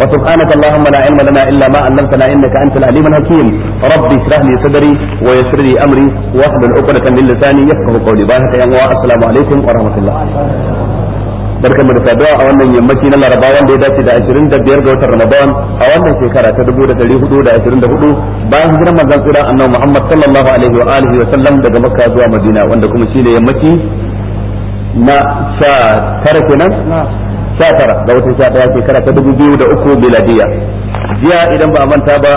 وسبحانك اللهم لا علم لنا إلا ما علمتنا إنك أنت العليم الحكيم رب اشرح لي صدري ويسر لي أمري واحلل عقدة من لساني يفقه قولي بارك يا السلام عليكم ورحمة الله barkan da saduwa a wannan yammaci na laraba wanda ya dace da 25 ga watan ramadan a wannan shekara ta 1424 bayan hijirar manzon tsira annabi muhammad sallallahu alaihi wa alihi wa sallam daga makka zuwa madina wanda kuma shine yammaci na sha tara kenan 19 ga watan 11 shekara ta 2003 miladiya jiya idan ba a manta ba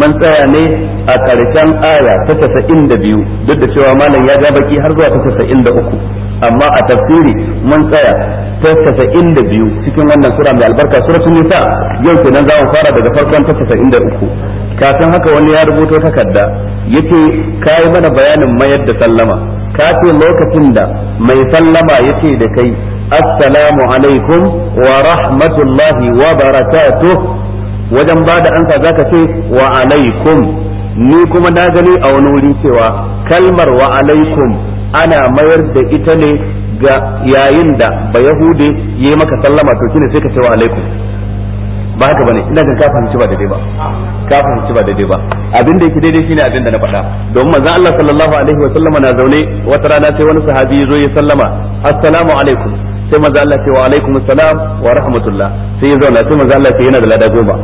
man tsaya ne a karshen aya ta 92 duk da cewa malam ya ga baki har zuwa ta 93 amma a tafsiri mun tsaya ta 92 cikin wannan sura mai albarka suratul nisa yau kenan za mu fara daga farkon ta 93 kafin haka wani ya rubuto takarda yace kai mana bayanin mayar da sallama ka ce lokacin da mai sallama yace da kai assalamu alaikum wa rahmatullahi wa barakatuh wajen ba da ansa zaka ce wa alaikum ni kuma na gani a wani wuri cewa kalmar wa alaikum ana mayar da ita ne ga yayin da ba yahude yi maka sallama to kina sai ka ce wa alaikum ba haka bane ina jin ka fahimci ba daidai ba ka fahimci ba daidai ba abin da yake daidai shine abin da na faɗa domin manzon Allah sallallahu alaihi wa sallama na zaune wata rana sai wani sahabi ya zo ya sallama assalamu alaikum sai manzon Allah ce wa alaikum assalam wa rahmatullah sai ya zauna sai manzon Allah ce yana da lada goma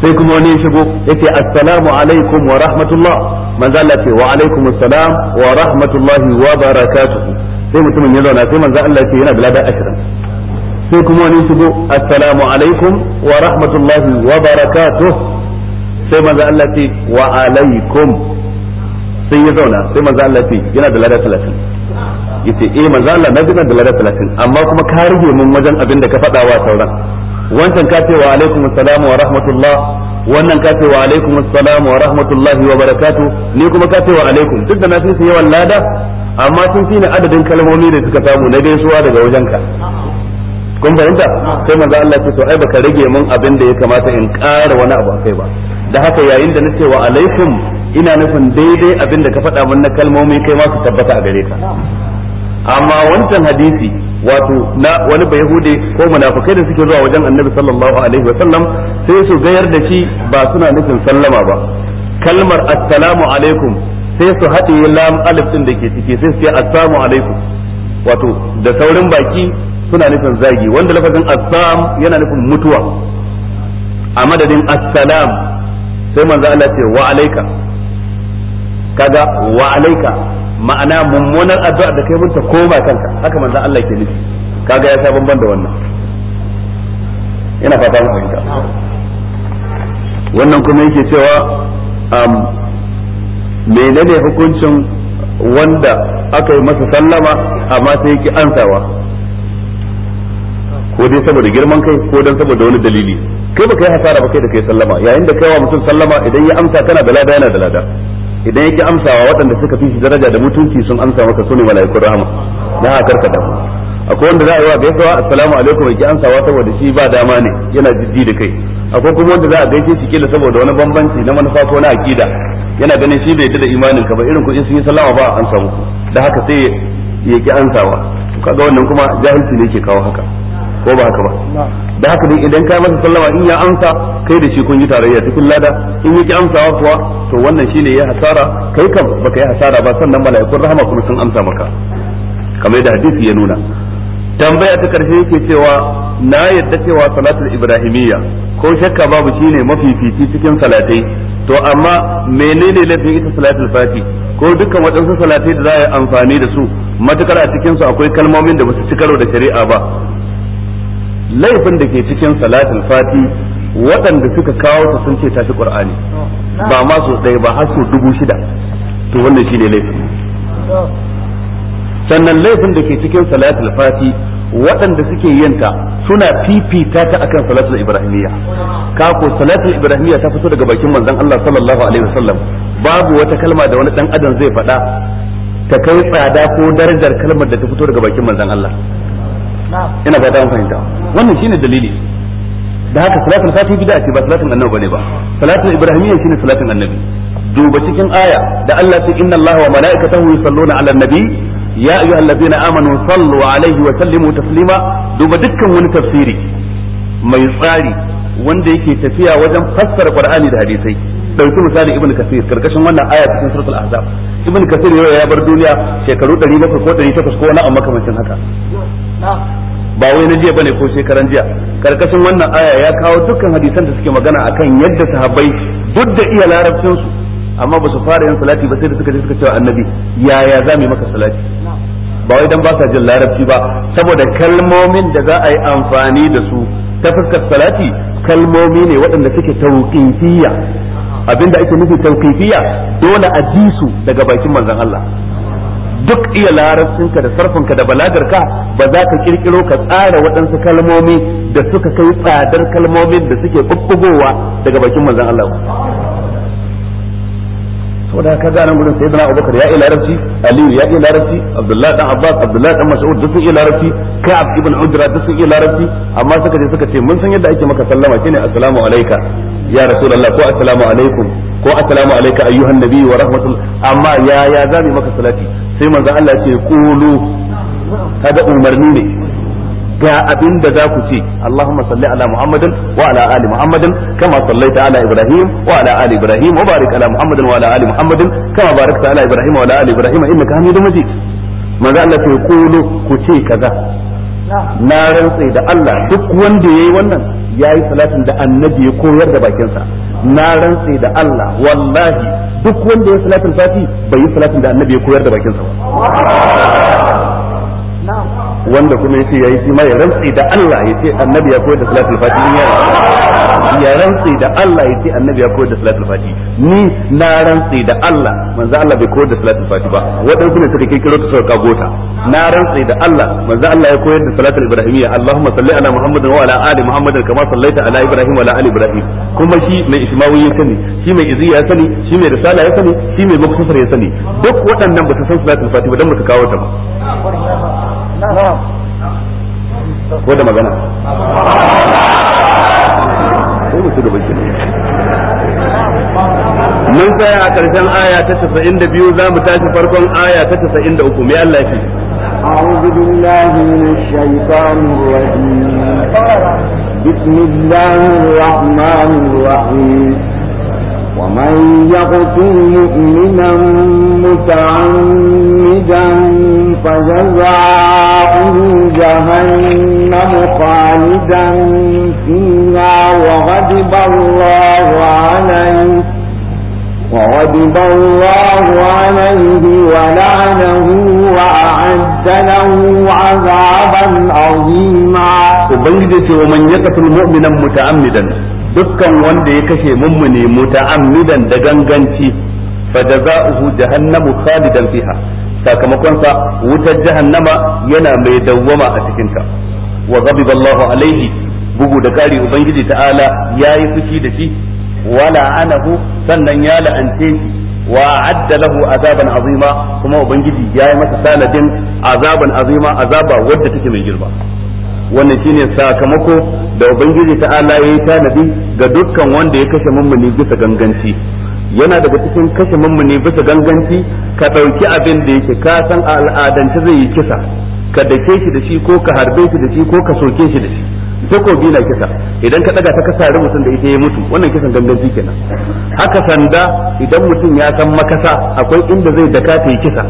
sai kuma wani ya shigo yace assalamu alaikum wa rahmatullah manzon Allah ce wa alaikum assalam wa rahmatullahi wa barakatuh sai mutumin ya zauna sai manzon Allah ce yana da lada ashirin. sai kuma wani shigo assalamu alaikum wa rahmatullahi wa barakatuh sai manzo Allah ce wa alaikum sai ya zauna sai manzo Allah ce yana da lada 30 yace eh manzo Allah na ji da lada 30 amma kuma ka rige mun wajen abin da ka faɗa wa sauran wancan ka ce wa alaikum assalamu wa rahmatullah wannan ka ce wa alaikum assalamu wa rahmatullahi wa barakatuh ni kuma ka ce wa alaikum duk da na fi yawan lada amma sun fi ni adadin kalmomi da suka samu na gaisuwa daga wajenka kun fahimta sai manzo Allah ce to ai baka rage mun abin da ya kamata in ƙara wani abu akai ba da haka yayin da na ce wa alaikum ina nufin daidai abin da ka faɗa mun na kalmomi kai ma tabbata a gare ka amma wancan hadisi wato na wani bai ko munafikai da suke zuwa wajen annabi sallallahu alaihi wa sallam sai su gayar da shi ba suna nufin sallama ba kalmar assalamu alaikum sai su haɗe lam alif din da ke ciki sai su ce assalamu alaikum wato da saurin baki suna nufin zagi wanda lafazin assam yana nufin mutuwa a madadin assalam sai manzo Allah ce wa alaika kaga wa alaika ma'ana mummunar addu'a da kai munta koma kanka haka manzo Allah ke nufi kaga ya sha bamban da wannan ina fata mu fahimta wannan kuma yake cewa um, menene hukuncin wanda aka yi masa sallama amma sai yake ansawa ko dai saboda girman kai ko dan saboda wani dalili kai baka yi hasara ba kai da kai sallama yayin da kai wa mutum sallama idan ya amsa kana da lada yana da lada idan yake amsawa waɗanda suka fi shi daraja da mutunci sun amsa maka sune mala'ikun rahama na karka da akwai wanda za a yi wa gaisawa assalamu alaikum yake amsawa saboda shi ba dama ne yana jiddi da kai akwai kuma wanda za a gaishe shi kila saboda wani bambanci na manufa ko na akida yana ganin shi bai da imanin ka ba irin ku in sun yi sallama ba an samu da haka sai ya ki ansawa kaga wannan kuma jahilci ne ke kawo haka ko ba haka ba da haka dai idan kai masa sallama in ya amsa kai da shi kun yi tarayya cikin lada in yake amsawa kuwa to wannan shine ya hasara kai kam baka yi hasara ba sannan mala'ikun rahama kuma sun amsa maka kamar da hadisi ya nuna tambaya ta karshe yake cewa na yadda cewa salatul ibrahimiyya ko shakka babu shine mafi mafifici cikin salatai to amma menene laifin ita salatul fati ko dukkan waɗansu salatai da za a yi amfani da su matukar a cikinsu akwai kalmomin da basu ci karo da shari'a ba laifin da ke cikin salatul fati waɗanda suka kawo ta sun ce ta fi qur'ani ba ma so ɗaya ba har so dubu shida to wannan ne laifin sannan laifin da ke cikin salatul fati waɗanda suke yinta suna fifita ta akan salatul ibrahimiyya kako salatul ibrahimiyya ta fito daga bakin manzon Allah sallallahu alaihi wasallam babu wata kalma da wani dan adam zai faɗa ta kai tsada ko darajar kalmar da ta fito daga bakin manzon Allah ina ba fahimta wannan shine dalili da haka salatul fati bid'a ce ba salatin annabi bane ba salatul ibrahimiyya shine salatin annabi duba cikin aya da Allah ya ce inna Allah wa mala'ikatahu yusalluna 'alan nabi ya ayyuhallazina amanu sallu 'alaihi wa sallimu taslima duba dukkan wani tafsiri mai tsari wanda yake tafiya wajen fassara Qur'ani da hadisai dauki misali ibnu kasir karkashin wannan aya cikin suratul ahzab ibn kasir yau ya bar duniya shekaru 700 ko 800 ko wani amma makamancin haka ba wai na jiya bane ko shekaran jiya karkashin wannan aya ya kawo dukkan hadisan da suke magana akan yadda sahabbai duk da iya larabcin su amma ba su fara yin salati ba sai da suka je suka cewa annabi yaya za mu yi maka salati ba wai dan ba sa jin larabci ba saboda kalmomin da za a yi amfani da su ta fuskar salati kalmomi ne waɗanda suke tauqifiyya abinda ake nufi tawqifiyya dole a ji su daga bakin manzon Allah duk iya larabcinka da sarfinka da balagarka ba za ka kirkiro ka tsara waɗansu kalmomi da suka kai tsadar kalmomin da suke bubbugowa daga bakin manzon Allah saboda ka ga nan gurin sayyidina Abubakar ya iya larabci Aliyu ya iya larabci Abdullahi dan Abbas Abdullahi dan Mas'ud duk sun iya larabci Ka'ab ibn udra duk sun iya larabci amma suka je suka ce mun san yadda ake maka sallama shine assalamu alayka ya rasulullah ko assalamu alaikum ko assalamu wa rahmatul amma ya ya maka salati sai manzo Allah ce qulu kada umarni ne ga abinda da za ku ce Allahumma salli ala Muhammadin wa ala ali Muhammadin kama sallaita ala Ibrahim wa ala ali Ibrahim wa ala ali Muhammadin kama barakta ala Ibrahim wa ala ali Ibrahim innaka Hamidum Majid manzo Allah ce qulu ku ce kaza na rantsa da Allah duk wanda yayi wannan ya yi salatin da annabi ya koyar da bakinsa na rantse da Allah wallahi duk wanda ya salatin fati bai yi salatin da annabi ya koyar da bakinsa ba wanda kuma ya yi shi ma ya rantse da Allah ya ce annabi ya koyar da salatin fati yi. ya rantsi da Allah ya ce annabi ya koyar da salatul fati ni na rantsi da Allah manzo Allah bai koyar da salatul fati ba wadansu ne suka kirkiro ta suka gota na rantsi da Allah manzo Allah ya koyar da salatul ibrahimiyya Allahumma salli ala muhammadin wa ala ali muhammadin kama sallaita ala ibrahim wa ala ali ibrahim kuma shi mai ismawi ya sani shi mai izi ya sani shi mai risala ya sani shi mai muktasar ya sani duk waɗannan ba su san salatul fati ba dan ba su kawo ta ba ko da magana hudu ga bakin mun tsaya a ƙarshen aya ta tasa'in da biyu za mu tashi farkon aya ta tasa'in da uku mai Allah shi أعوذ بالله من الشيطان الرجيم بسم الله الرحمن الرحيم ومن يقتل مؤمنا متعمدا فجزاؤه جهنم خالدا فيها الدنيا وغضب الله عليه وغضب الله عليه ولعنه وأعد له عذابا عظيما وبنجد ومن يقتل مؤمنا متعمدا dukkan wanda ya kashe mummuni muta'ammidan da ganganci fa jaza'uhu jahannamu khalidan fiha sakamakonsa wutar jahannama yana mai dawwama a cikinta wa ghadiba Allahu alaihi bugu da kari ubangiji ta'ala yayi fushi da shi wala anahu sannan ya la'ance shi wa adda lahu azaban azima kuma ubangiji yayi masa saladin azaban azima azaba wadda take mai girma wannan shine sakamako da ubangiji ta'ala yayi tanadi ga dukkan wanda ya kashe mummuni bisa ganganci yana daga cikin kashe mummuni bisa ganganci ka ɗauki abin da yake ka san al'adance zai yi kisa ka dake shi da shi ko ka harbe shi da shi ko ka soke shi da shi takobi na kisa idan ka daga ta kasare mutum da ita ya mutu wannan kisan ganganci kenan haka sanda idan mutum ya san makasa akwai inda zai da ka yi kisa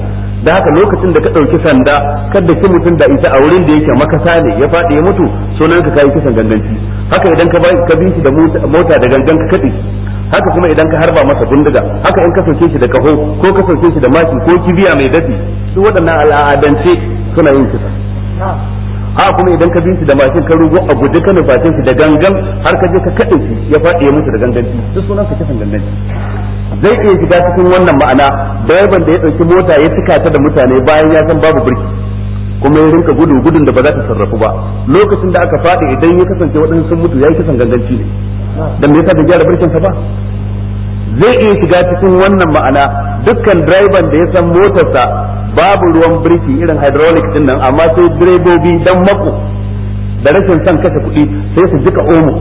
da haka lokacin da ka dauki sanda kada ki mutum da ita a wurin da yake makasa ne ya faɗi ya mutu sunan ka kai kisan ganganci haka idan ka ka bi da mota da gangan ka kadi haka kuma idan ka harba masa bindiga haka in ka sauke shi da kaho ko ka sauke shi da maki ko kibiya mai dafi su waɗannan al'adance suna yin kisa ha kuma idan ka bi da mashin ka rugo a guje ka nufacin su da gangan har ka je ka kaɗe shi ya faɗi ya mutu da ganganci duk sunan ka kisan ganganci zai iya shiga cikin wannan ma'ana bayan da ya ɗauki mota ya cika ta da mutane bayan ya san babu birki kuma ya rinka gudu gudun da ba za ta sarrafu ba lokacin da aka faɗi idan ya kasance waɗansu sun mutu ya yi kisan ganganci ne dan me yasa bai gyara birkin sa ba zai iya shiga cikin wannan ma'ana dukkan direban da ya san motarsa babu ruwan birki irin hydraulic din nan amma sai direbobi dan mako da rashin san kashe kuɗi sai su jika omo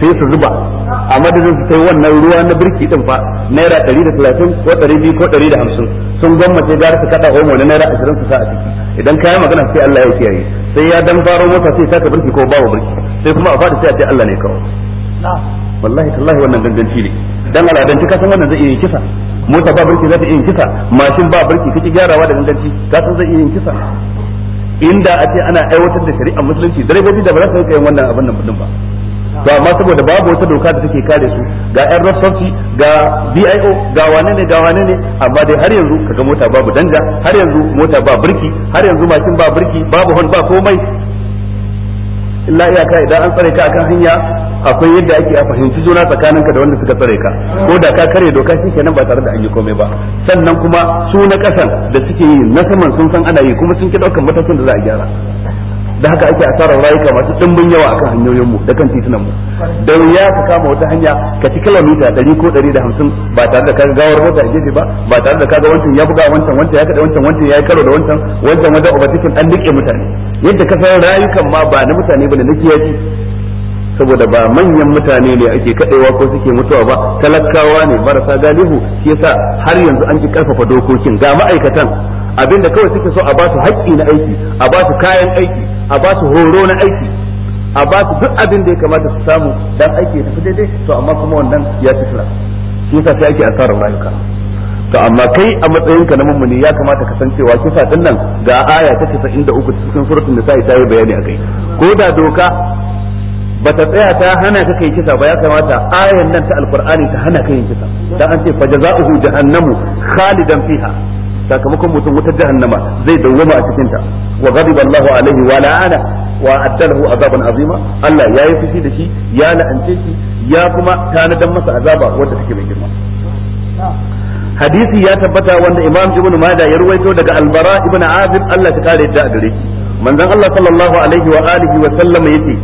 sai su zuba a madadin su sai wannan ruwa na birki din fa naira 130 ko 200 ko 150 sun gwammace gara su kada omo na naira 20 su sa a ciki idan kayan magana sai Allah ya kiyaye sai ya dan faro mota sai ta birki ko babu birki sai kuma a fadi sai a ce Allah ne kawai wallahi tallahi wannan ganganci ne dan aladan ka san wannan zai iya kisa mota ba barki za ta iya kisa mashin ba barki kake gyarawa da ganganci ka san zai iya kisa inda a ce ana aiwatar da shari'ar musulunci direbobi da ba za su rika yin wannan abin nan din ba to amma saboda babu wata doka da take kare su ga yan rafsafi ga BIO ga wane ne ga wane ne amma dai har yanzu kaga mota babu danja har yanzu mota ba birki har yanzu mashin ba birki babu hon ba komai illa iyaka idan an tsare ka akan hanya akwai yadda ake a fahimci juna tsakaninka da wanda suka tsare ka ko da ka kare doka kenan ba tare da an yi komai ba sannan kuma su na kasan da suke yi na saman sun san ana yi kuma sun ki daukan matakin da za a gyara da haka ake tsara rayuka masu dimbin yawa akan hanyoyin mu da kan titunan mu dan ya ka kama wata hanya ka ci kilomita 100 ko 150 ba tare da ka gawar mota a gefe ba ba tare da kaga wancan ya buga wancan wancan ya kada wancan wancan ya karo da wancan wancan wajen ubatikin an dike mutane yadda ka san rayukan ma ba na mutane bane na kiyaci saboda ba manyan mutane ne ake kadewa ko suke mutuwa ba talakawa ne marasa galihu shi yasa har yanzu an ki karfafa dokokin ga ma'aikatan abinda kawai suke so a ba su haƙƙi na aiki a ba su kayan aiki a ba su horo na aiki a ba su duk abin da ya kamata su samu dan aiki ya tafi daidai to amma kuma wannan ya fi tura shi yasa sai ake asarar rayuka to amma kai a matsayinka na mummuni ya kamata ka san cewa kisa din nan ga aya ta 93 cikin suratul nisa ta yi bayani akai ko da doka bata tsaya ta hana ka kai kisa ba ya kamata ayan nan ta alqur'ani ta hana ka yin kisa dan an ce fajaza'uhu jahannamu khalidan fiha sakamakon mutum wutar jahannama zai dawwama a cikin ta wa ghadiba Allahu alaihi wa la'ana wa addalahu azaban azima Allah ya yi fushi da shi ya la'ance shi ya kuma tanadan masa azaba wanda take mai girma hadisi ya tabbata wanda Imam Ibn Majah ya ruwaito daga Albara ibn Azib Allah ta kare da gare shi manzon Allah sallallahu alaihi wa alihi wa sallam yace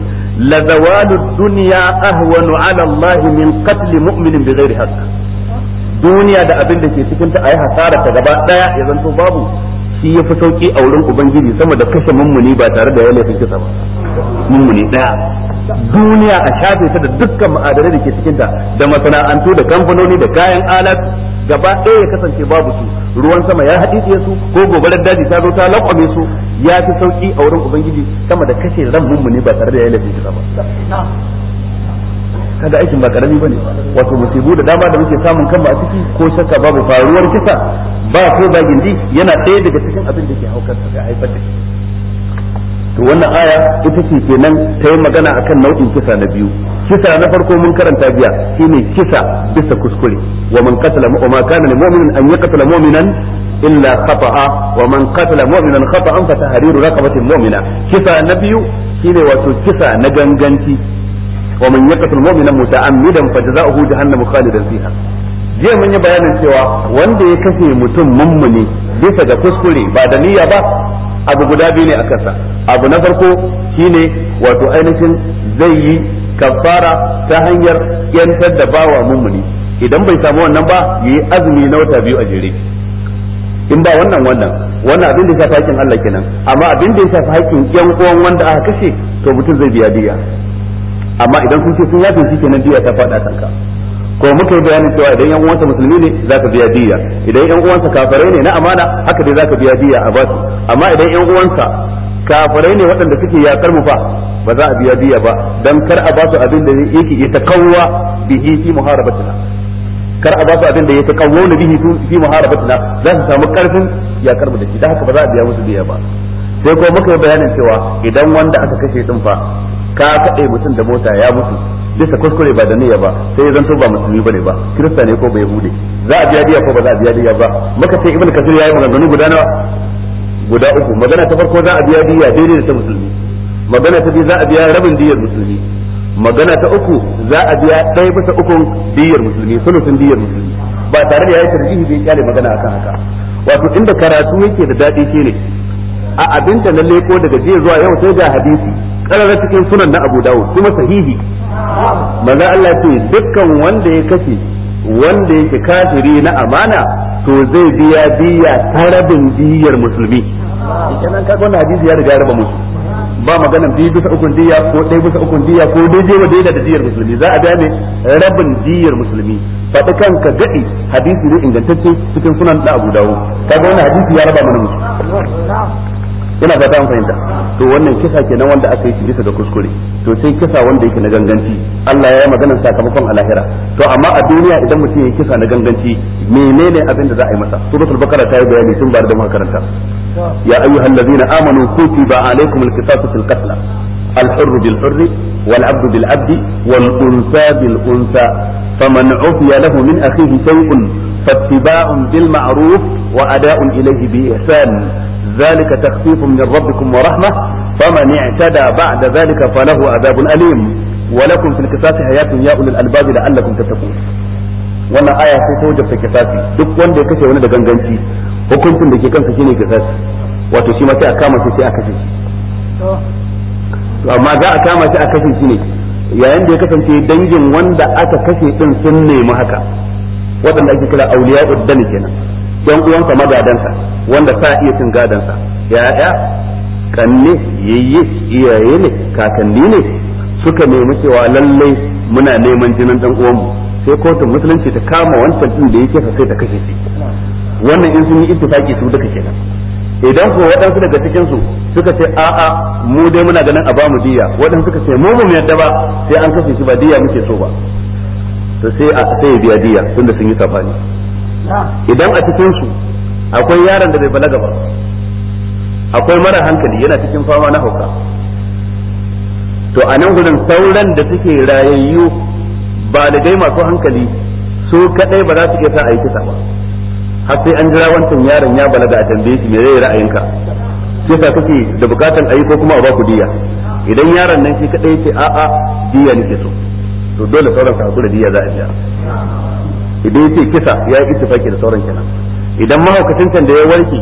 la zawalu dunya ahwanu mu'minin bi ghairi duniya da abin da ke cikin ta ayi hasara ta gaba daya ya zanto babu shi ya fi sauki a wurin ubangiji sama da kashe mummuni ba tare da ya kisa ba mummuni daya duniya a shafe ta da dukkan ma'adarai da ke cikin ta da masana'antu da kamfanoni da kayan alat gaba ɗaya ya kasance babu su ruwan sama ya haɗi su ko gobarar daji ta zo ta lakwame su ya fi sauki a wurin ubangiji sama da kashe ran ne ba tare da ya lafi ba Kada aikin ba karami bane wato musibu da dama da muke samun kanmu a ciki ko shakka babu faruwar kisa ba ko ba gindi yana ɗaya daga cikin abin da ke haukar ta haifar da shi to wannan aya ita ce kenan ta yi magana akan nau'in kisa na biyu kisa na farko mun karanta biya shine kisa bisa kuskure wa man qatala wa ma kana lil mu'minin an yaqtala mu'minan illa khata'a wa man qatala mu'minan khata'an fa tahriru raqabatin mu'mina kisa na biyu shine wato kisa na ganganci wa man yaqtal mu'minan muta'ammidan fajza'uhu jahannamu khalidan fiha jiya mun yi bayanin cewa wanda ya kashe mutum mummuni bisa ga kuskure ba da niyya ba abu guda biyu ne a kansa abu na farko shine wato ainihin zai yi kafara ta hanyar yantar da bawa mummuni idan bai samu wannan ba yi azumi na wata biyu a jere in ba wannan wannan wannan abin da ya shafi haƙƙin Allah kenan amma abin da ya shafi haƙƙin yan uwan wanda aka kashe to mutum zai biya diya amma idan sun ce sun yafe shi kenan diya ta faɗa kanka ko muka yi bayanin cewa idan yan uwansa musulmi ne zaka biya diya idan yan uwansa kafirai ne na amana haka dai zaka biya diya a basu amma idan yan uwansa kafirai ne waɗanda suke yakar mu fa ba za a biya diya ba dan kar a basu abin da yake ta kawwa bihi fi muharabatina kar a basu abin da yake kawwa bihi fi muharabatina za su samu karfin yakar mu da shi dan haka ba za a biya musu diya ba sai ko muka yi bayanin cewa idan wanda aka kashe din fa ka kaɗe mutum da mota ya mutu bisa kuskure ba da niyya ba sai ya zanto ba musulmi bane ba kirista ne ko ba yahude za a biya diya ko ba za a biya diya ba maka sai ibnu kasir yayi maganganu guda nawa guda uku magana ta farko za a biya diya daidai da ta musulmi magana ta biyu za a biya rabin diyar musulmi magana ta uku za a biya ɗaya bisa ukun diyar musulmi sulusun diyar musulmi ba tare da yayi tarjihi bai kyale magana akan haka wato inda karatu yake da daɗi shine a abinda na leko daga jiya zuwa yau sai ga hadisi sarara cikin sunan na Abu Dawud kuma sahihi maza Allah ce dukkan wanda ya kace wanda yake kafiri na amana to zai biya biya tarabin diyar musulmi kenan ka wannan hadisi ya riga ya raba musu ba magana biyu bisa ukun diya ko ɗaya bisa ukun diya ko dai wa daidai da diyar musulmi za a biya ne rabin diyar musulmi faɗi kanka gaɗi hadisi ne ingantacce cikin sunan da Abu Dawud kaga wannan hadisi ya raba mana musu ina fata an fahimta to wannan kisa kenan wanda aka yi bisa ga kuskure to sai kisa wanda yake na ganganci Allah ya yi maganar sakamakon alahira to amma a duniya idan mutum ya kisa na ganganci menene abin da za a yi masa suratul bakara ta yi bayani tun ba da makaranta ya ayyuhal ladzina amanu kutiba alaykumul qisasu fil qatl bil بالحر والعبد بالعبد والأنثى ya فمن min له من أخيه شيء فاتباع بالمعروف وأداء إليه بإحسان ذلك تخفيف من ربكم ورحمة فمن اعتدى بعد ذلك فله عذاب أليم ولكم في الكفاف حياة يا أولي الألباب لعلكم تتقون وانا آية في فوجة في الكفاف دك وان دي كشي وانا دقان جنسي وكنت لكي كان تشيني كفاف وتشي ما شاء كاما شاء كفاف وما جاء كاما شاء كفاف يا عندي كفاف دنجم وان دا أتا كشي تنسني محكا waɗanda ake kira auliya dani kenan yan uwansa magadansa wanda sa iya cin gadansa ya'ya kanne yayye iyaye ne kakanni ne suka nemi cewa lallai muna neman jinin dan uwanmu sai kotun musulunci ta kama wancan din da yake sai ta kashe shi wannan in sun yi ittifaki su duka kenan idan ko waɗansu daga cikin su suka ce a'a mu dai muna ganin a bamu diya waɗansu suka ce mu ba mu yadda ba sai an kashe shi ba diya muke so ba to sai a sai biya diya tunda sun yi safani idan a cikin su akwai yaron da bai balaga ba akwai mara hankali yana cikin fama na hauka to a nan gudun sauran da suke rayayyu dai masu hankali su kadai ba za su iya sa a yi kisa ba har sai an jira wancan yaron ya balaga a tambaye shi me zai ra'ayinka sai sa kake da bukatan ayi ko kuma a ba ku diya idan yaron nan shi kadai ce a'a diya nake so to dole sauran ka hakuri diya za a biya idan yace kisa ya yi ittifaki da sauran kenan idan mahaukacin can da ya warke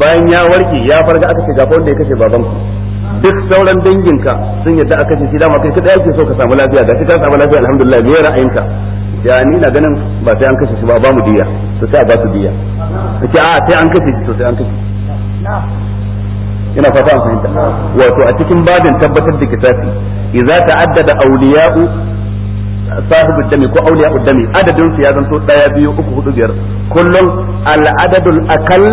bayan ya warke ya farga aka ce gafa wanda ya kashe baban ku duk sauran danginka sun yadda aka ce shi dama kai kada yake so ka samu lafiya ga ka samu lafiya alhamdulillah me ra'ayinka ya ni na ganin ba sai an kashe shi ba ba mu diya to sai a ba su diya kace a sai an kashe shi to sai an kashe ina fata an fahimta wato a cikin babin tabbatar da kitabi idza ta'addada awliya'u sahibu dami ko a dami adadin su ya zanto daya biyu uku hudu kullum al akal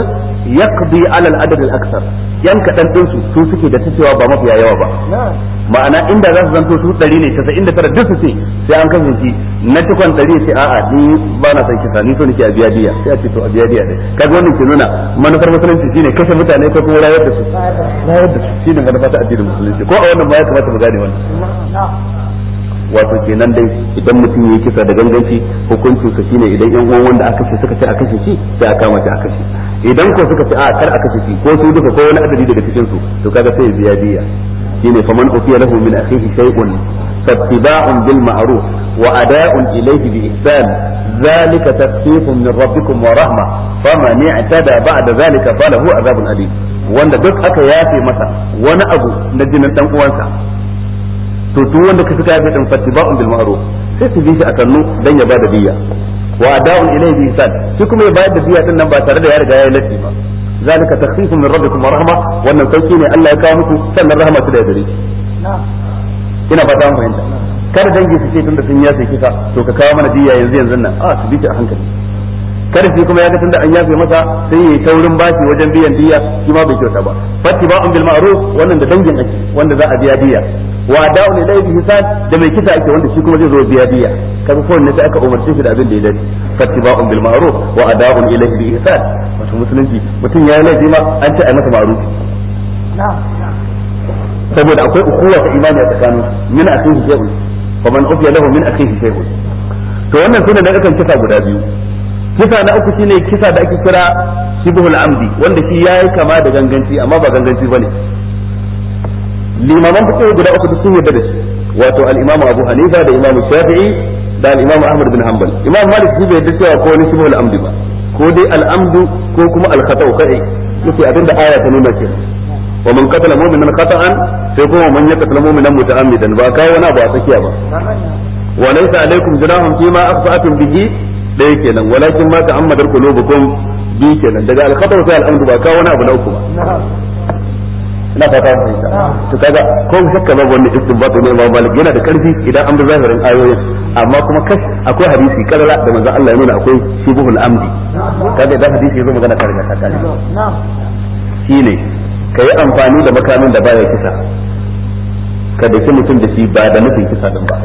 yaqdi ala al yan kadan din su su suke da cewa ba mafiya yawa ba ma'ana inda za su zanto su 100 ne 99 duk su ce sai an kasance na cikon 100 sai a'a ni ba na san kisa ni so nake a biya diya sai a ce to a biya diya dai kaga wannan ke nuna manufar musulunci shine kashe mutane ko kuma rayar da su rayar da su shine manufa addinin musulunci ko a wannan ma ya kamata mu gane wannan wato kenan dai idan mutum yayi kisa da ganganci hukuncin sa shine idan yan uwan wanda aka ce suka ce a kashe shi sai a kama ci a idan ko suka ce a kar a kashe shi ko su duka ko wani adadi daga cikin su to kaga sai biya biya shine faman ufiya lahu min akhihi shay'un fattiba'un bil ma'ruf wa ada'un ilayhi bi ihsan zalika tasfifun min rabbikum wa rahma faman i'tada ba'da zalika falahu adhabun alim wanda duk aka yafe masa wani abu na jinin dan uwansa to duk wanda ka suka yafe din fattiba'un bil ma'ruf sai su bi shi a sannu dan ya bada biyya wa ada'un ilayhi bi isan shi kuma ya bayar da biya din nan ba tare da ya riga ya yi latti ba zalika takhfifun min rabbikum wa rahma wannan sauki ne Allah ya kawo muku sannan rahama ta da gare ina fata an fahimta kada dangi su ce tunda sun yafe kisa to ka kawo mana biya yanzu yanzu nan a ah, su bi shi a hankali kada shi kuma ya ga tunda an yafe masa sai yayi taurin bashi wajen biyan diya shi ma bai kyauta ba fattiba'un bil ma'ruf wannan da dangin ake wanda za a biya diya wa da'un ne laifi hisan da mai kisa ake wanda shi kuma zai zo biya diya kaga ko ne sai aka umarce shi da abin da ya dace fattiba'un bil ma'ruf wa ada'un ilayhi bi hisan wato musulunci mutum ya laifi ma an ce a masa ma'ruf saboda akwai ukuwa ta imani a tsakanin min akhihi shay'un fa man ufiya lahu min akhihi shay'un to wannan sunan da kakan kisa guda biyu kisa na uku shine kisa da ake kira shibhul amdi wanda shi yayi kama da ganganci amma ba ganganci bane limaman fiqh guda uku sun yarda da shi wato al-imamu Abu Hanifa da imamu Shafi'i da al-imamu Ahmad bin Hanbal imam Malik shi bai yarda cewa ko wani shibhul amdi ba ko dai al-amdu ko kuma al-khata'u kai yace abinda aya ta nuna kenan wa man qatala mu'minan khata'an sai kuma man yaqtala mu'minan muta'ammidan ba kai wani abu a tsakiya ba wa laysa alaikum junahun fima akhta'tum bihi ɗaya kenan walakin ma ta'ammadar qulubukum bi kenan daga al-khabar sai al-amdu ba ka wani abu na uku ba ina fata mun fahimta to kaga ko shakka babu wannan istinbatu ne Imam yana da karfi idan an bi zahirin ayoyin amma kuma kash akwai hadisi karara da manzo Allah ya nuna akwai shubuhul amdi kaga idan hadisi yazo magana karga ta kare shine kai amfani da makamin da baya kisa ka dake mutum da shi ba da nufin kisa din ba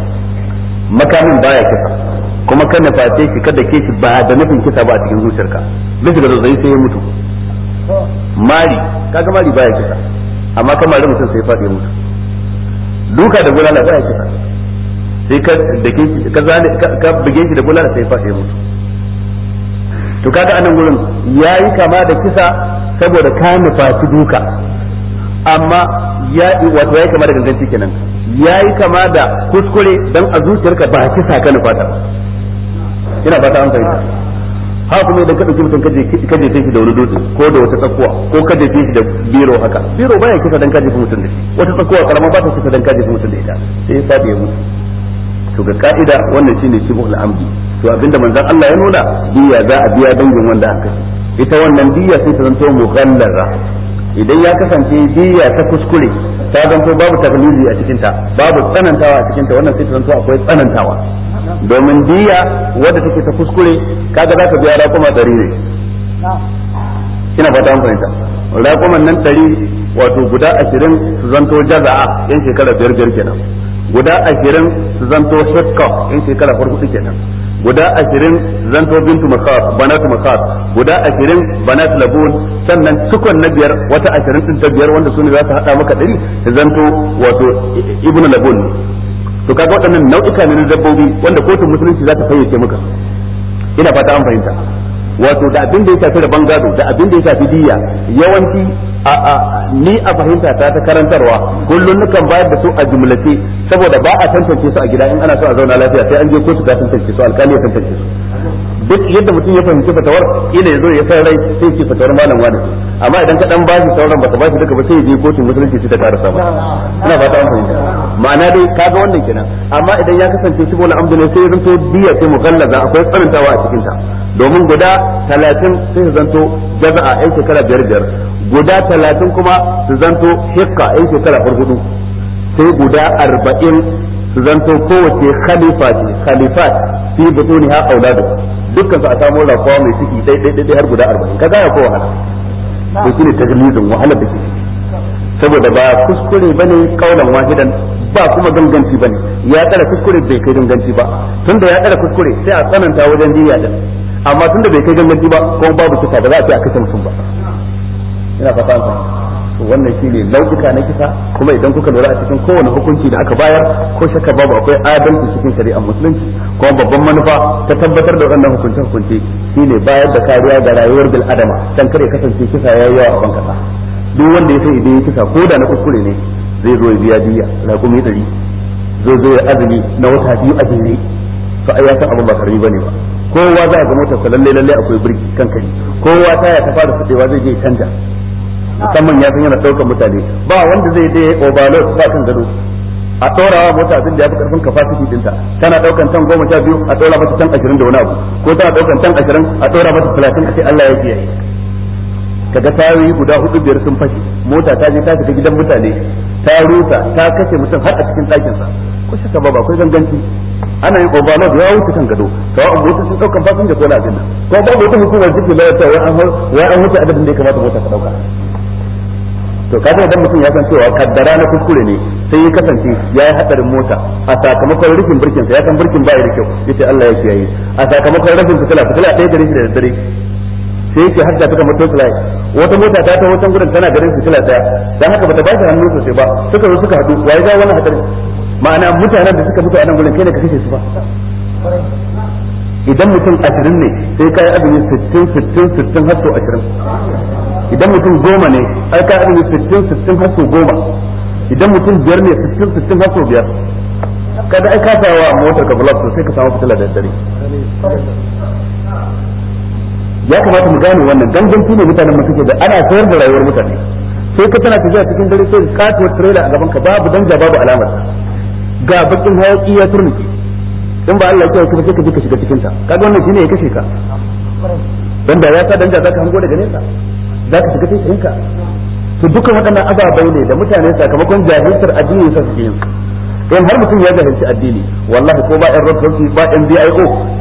makamin baya kisa kuma kan face shi kada ke shi ba da nufin kisa ba a cikin zuciyarka bisa ga zai sai ya mutu mari kaga mari baya kisa amma kamar da mutum sai faɗi ya mutu duka da gulala baya kisa sai ka da ke ka zane ka bige shi da gulala sai faɗi ya mutu to kaga anan gurin yayi kama da kisa saboda ka nufaci duka amma ya wato yayi kama da ganganci kenan yayi kama da kuskure dan a zuciyarka ba ki saka ni fata ina ta an fahimta ha kuma idan ka dauki mutum kaje kaje sai shi da wani dutse ko da wata tsakuwa ko kaje sai shi da biro haka biro baya kisa dan kaje mutum da shi wata tsakuwa karama ba ta kisa dan kaje mutum da ita sai ya sabe ya mutu to ga ka'ida wannan shine shibul amdi to abinda manzon Allah ya nuna biya za a biya dangin wanda aka kashe ita wannan biya sai ta zanto mughallara idan ya kasance diya ta kuskure ta zanto babu taklizi a cikinta babu tsanantawa a cikinta wannan sai ta zanto akwai tsanantawa domin diya wadda take ta kuskure kaga za ka biya raƙuma ɗari ne ina fata an fahimta raƙuman nan ɗari wato guda ashirin su zanto jaza'a yan shekara biyar biyar kenan guda ashirin su zanto shakka in shekara farko suke nan guda ashirin zanto bintu makhaf banatu makhaf guda ashirin banat labun sannan cikon na biyar wata ashirin sun ta biyar wanda su ne za su haɗa maka ɗari su zanto wato ibnu labun to kaga waɗannan nau'ika ne na dabbobi wanda kotun musulunci za ta fayyace maka ina fata an fahimta wato da abin da ya shafi rabon gado da abin da ya shafi diya yawanci a a ni a fahimta ta ta karantarwa kullun nukan bayar da su a jumlace saboda ba a tantance su a gida in ana so a zauna lafiya sai an je kotu ta tantance su alkali ya tantance su duk yadda mutum ya fahimci fatawar ila ya zo ya san rai sai ce fatawar malam wani amma idan ka dan bashi sauran baka bashi duka ba sai ya je kotun musulunci sai ta karasa ba ina fata an fahimta ma'ana dai kaga wannan kenan amma idan ya kasance shi bola amdana sai ya zanto biya sai mukallaza akwai tsanantawa a cikin ta domin guda talatin sai su zanto jaza'a yan shekara biyar biyar guda talatin kuma su zanto hikka yan shekara hudu sai guda arba'in su zanto kowace khalifa ce khalifat fi ha auladu dukkan su a samu rakuwa mai ciki dai dai dai har guda arba'in kaga ya kowa to shine taglizin wahalar da ke saboda ba kuskure bane kaulan wahidan ba kuma ganganci bane ya tsara kuskure bai kai ganganci ba tunda ya tsara kuskure sai a tsananta wajen diya da amma tunda bai kai ganganci ba ko babu kisa ba za a ce a kashe sun ba ina fata an wannan shine nau'uka na kisa kuma idan kuka lura a cikin kowane hukunci da aka bayar ko shakka babu akwai adalci cikin shari'ar musulunci ko babban manufa ta tabbatar da wannan hukunce shi shine bayar da kariya ga rayuwar bil adama dan kare kasance kisa yayi yawa a bankasa duk wanda ya sai idan ya kisa ko da na kuskure ne zai zo ya biya diya ya ɗari zai zo ya azumi na wata biyu a jere to ai ya san abin ba karbi bane ba kowa za a ga motarsa lalle lalle akwai birki kan kai kowa ya ta fara fadewa zai je canja musamman ya san yana ɗaukar mutane ba wanda zai je overload ba kan gado a wa mota abin da ya fi karfin capacity dinta tana ɗaukan tan goma sha biyu a ɗora mata tan ashirin da wani abu ko tana ɗaukan tan ashirin a ɗora mata talatin a ce Allah ya kiyaye kaga tayoyi guda hudu biyar sun fashe mota ta je ta shiga gidan mutane ta rusa ta kashe mutum har a cikin ɗakin sa ko shi ba akwai ganganci ana yin overload ya wuce kan gado kawo an mota sun daukan fasinja da kola abin nan ko ba mota hukumar take bayar ta ya an wuce adadin da ya kamata mota ta dauka to ka idan mutum ya san cewa kaddara na kuskure ne sai ya kasance ya yi hadarin mota a sakamakon rikin birkin sa ya san birkin ba ya da kyau yace Allah ya kiyaye a sakamakon rashin fitila fitila ɗaya gare shi da dare. sai yake hajja ta kamar tosu layi wata mota ta ta wata gudun tana garin fitila ta dan haka bata ba hannu sosai ba suka zo suka hadu wayi ga wannan hadari ma'ana mutanen da suka mutu a nan gudun kai ne ka kashe su ba idan mutum ashirin ne sai kai azumi yi har ashirin idan mutum goma ne sai kai azumi har idan mutum ne har kada ai ka sawa motar ka blog sai ka samu fitila da dare ya kamata mu gane wannan su ne mutanen mu suke da ana sayar da rayuwar mutane sai ka tana tafiya cikin dare sai tafi trailer a gaban ka babu danja babu alamar ga bakin hayaki ya turnuke in ba Allah ya kiyaye ka sai ka je ka shiga cikin ta kaga wannan shine ya kashe ka dan da ya ka danja zaka hango daga nesa zaka shiga cikin ka to dukkan waɗannan ababai ne da mutane sakamakon jahiltar addini sa suke yin in har mutum ya jahilci addini wallahi ko ba ɗan rabbanci ba ɗan BIO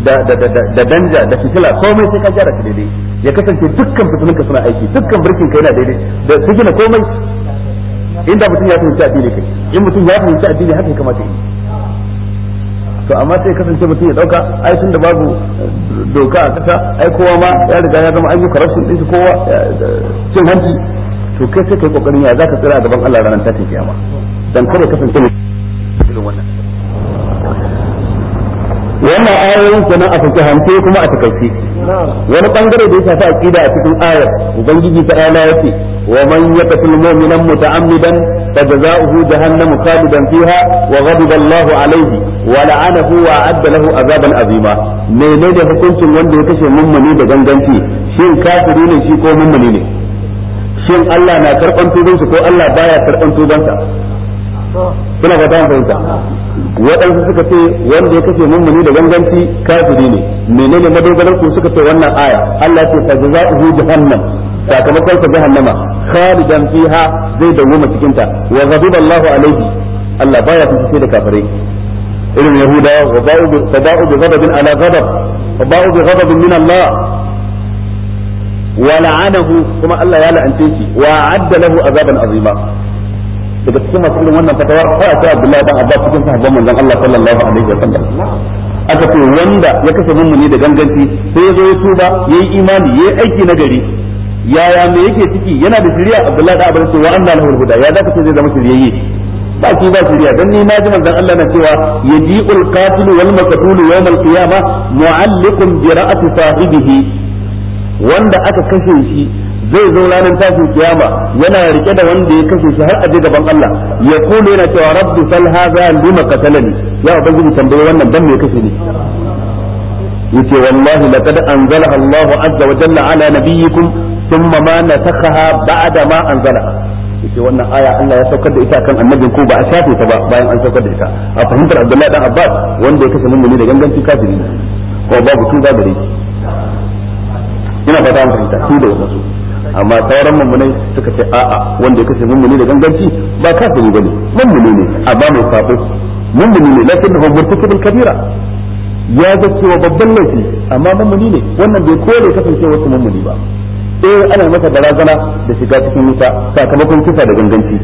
da danja da fitila komai sai ka gyara ka daidai ya kasance dukkan fitilinka suna aiki dukkan birkin ka yana daidai da su gina komai inda mutum ya fahimci addini kai in mutum ya fahimci addini haka ya kamata yi to amma sai kasance mutum ya dauka ai tun da babu eh, doka a kasa ai kowa ma ya riga ya zama ayyuka rashin din kowa eh, cin hanci to kai sai kai kokarin ya zaka tsira gaban Allah ranar tashin kiyama dan kada kasance mutum wannan wannan ayoyin kenan a fake hanke kuma a takaice wani bangare da ya shafi aqida a cikin ayar ubangiji ta ala yace wa man yaqtul mu'minan muta'ammidan jazaohu jahannam khalidan fiha wa ghadiba Allahu alayhi wa la'anahu wa adda lahu azaban azima menene hukuncin wanda ya kashe mummuni da ganganci shin kafiri ne shi ko mummuni ne shin Allah na karban tubansa ko Allah baya karban tubansa kuna fata an fahimta waɗansu suka ce wanda ya kashe mummuni da ganganci kafiri ne menene madogarar ku suka ce wannan aya Allah ce fa jazaohu jahannam sakamakon sa jahannama khalidan fiha zai dawoma cikin ta wa ghadiba Allahu alaihi Allah baya fushi da kafirai irin yahuda wa ba'u bi tabau bi ghadabin ala ghadab wa ba'u bi ghadabin min Allah wa la'anahu kuma Allah ya la'ance shi wa adda lahu azaban azima daga cikin masu irin wannan fatawa fa sai Abdullahi dan Abbas cikin sahabban manzon Allah sallallahu alaihi wa sallam aka ce wanda ya kashe mummuni da ganganci sai ya zo ya tuba yi imani yi aiki na gari yaya me yake ciki yana da shirya Abdullahi dan Abbas ce wa anna lahu huda ya zaka ce zai zama shiriyayye ba shi ba shirya dan ni na ji manzon Allah na cewa yadi'ul qatil wal maqtul yawm al qiyamah mu'alliqun bi ra'ati sahibihi wanda aka kashe shi zai zo ranar tashin kiyama yana rike da wanda ya kashe shi har a je gaban Allah ya kulu yana cewa rabbi sal hadha lima qatalani ya ubangiji tambaye wannan dan me kashe ni yace wallahi laqad anzalaha Allah azza wa jalla ala nabiyyikum thumma ma nasakhaha ba'da ma anzala. yace wannan aya Allah ya saukar da ita kan annabin ku ba a shafe ta ba bayan an saukar da ita a fahimtar Abdullahi dan Abbas wanda ya kashe mummuni da ganganci kafiri ko babu tuba gare shi ina fata an fahimta su da wasu amma sauran mummunai suka ce a'a wanda ya kashe mummuni da ganganci ba kafiri bane mummuni ne amma mai sabo mummuni ne lakin da murtakibul kabira ya ga cewa babban laifi amma mummuni ne wannan bai kore kasance wasu mummuni ba e ana masa barazana da shiga cikin wuta sakamakon kisa da ganganci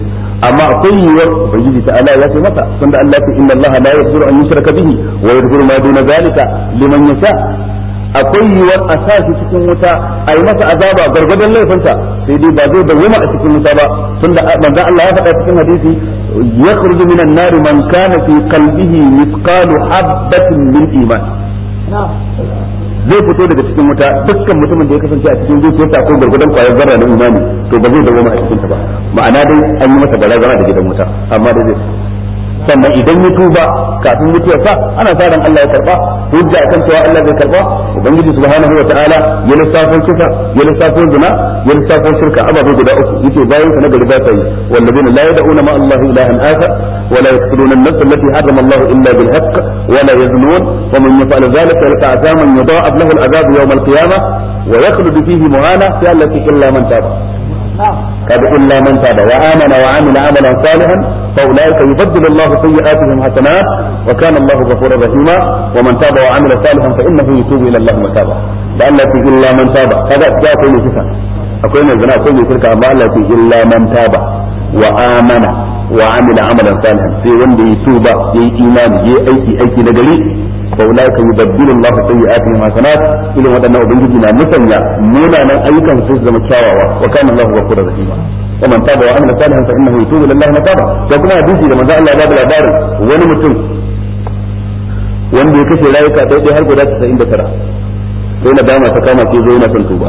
amma akwai yiwuwar ubangiji ta Allah ya ce masa sanda Allah ta ce inna Allah la yaghfiru an yushraka bihi wa yaghfiru ma duna zalika liman yasha akwai yiwuwar a sa shi cikin wuta a yi masa azaba gargadon laifinsa sai dai ba zai bayyana a cikin wuta ba tunda manzo Allah ya faɗa cikin hadisi yakhruju minan nari man kana fi qalbihi mithqalu habatin min iman zai fito daga cikin wuta dukkan mutumin da ya kasance a cikin zuciyarsa ko gargadon kwayar zarra na imani to ba zai dawo a cikin ta ba ma'ana dai an yi masa balagara da gidan wuta amma dai zai sannan idan ya tuba kafin mutuwarsa ana sa ran Allah ya karba hujja kan cewa Allah zai karba ubangiji subhanahu wa ta'ala ya lissafo kisa ya lissafo zina ya lissafo shirka ababe guda uku yace bayan sa na gari ba sai wallazina la yad'una ma Allah ilahan wa la yaqtuluna an-nafs allati Allah illa bil haqq wa la حرم wa man yaf'al ولا يزنون azaman يفعل lahu al-azab yawm al-qiyamah wa yakhlud fihi فيه fi allati illa man تاب قد إلا من تاب وآمن وعمل عملا صالحا فأولئك يبدل الله سيئاتهم حسنات وكان الله غفورا رحيما ومن تاب وعمل صالحا فإنه يتوب إلى الله متابا لأن إلا من تاب هذا جاء كل شفا أقول من زنا كل شركة ما التي إلا من تاب وآمن wa amila amalan salihan sai wanda ya tuba ya yi imani ya aiki aiki na gari fa ulai ka yubaddilu Allah sayyi'atihim hasanat wadannan ubangiji na musanya munanan ayyukan su zama kyawawa wa kana Allah ghafurur rahim ومن تاب وعمل صالحا فانه يتوب الى الله متابا da kuma hadisi da manzo Allah ya bada labarin wani mutum wanda ya kashe layuka daidai har guda 99 sai na dama ta kama ke zo yana son tuba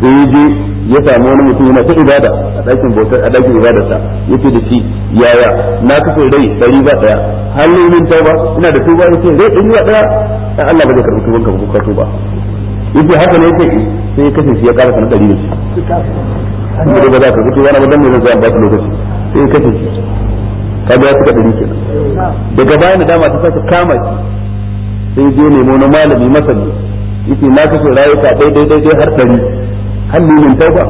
sai ya je ya samu wani mutum yana ta ibada a dakin bautar a dakin ibadarsa yace da shi yaya na kafa rai dari ba daya halin min tauba ina da tuba yace rai dari ba daya dan Allah ba zai karbi tuban ka ba tuba yace haka ne yake sai ya kace shi ya karasa na dari ne shi ba za ka tuba na ba dan me zai ba lokaci sai ya kace shi ka ga suka dari kenan daga baya da dama ta saka kama shi sai je nemo na malami masani yace na kafa rayuka daidai daidai har dari hal ni min tauba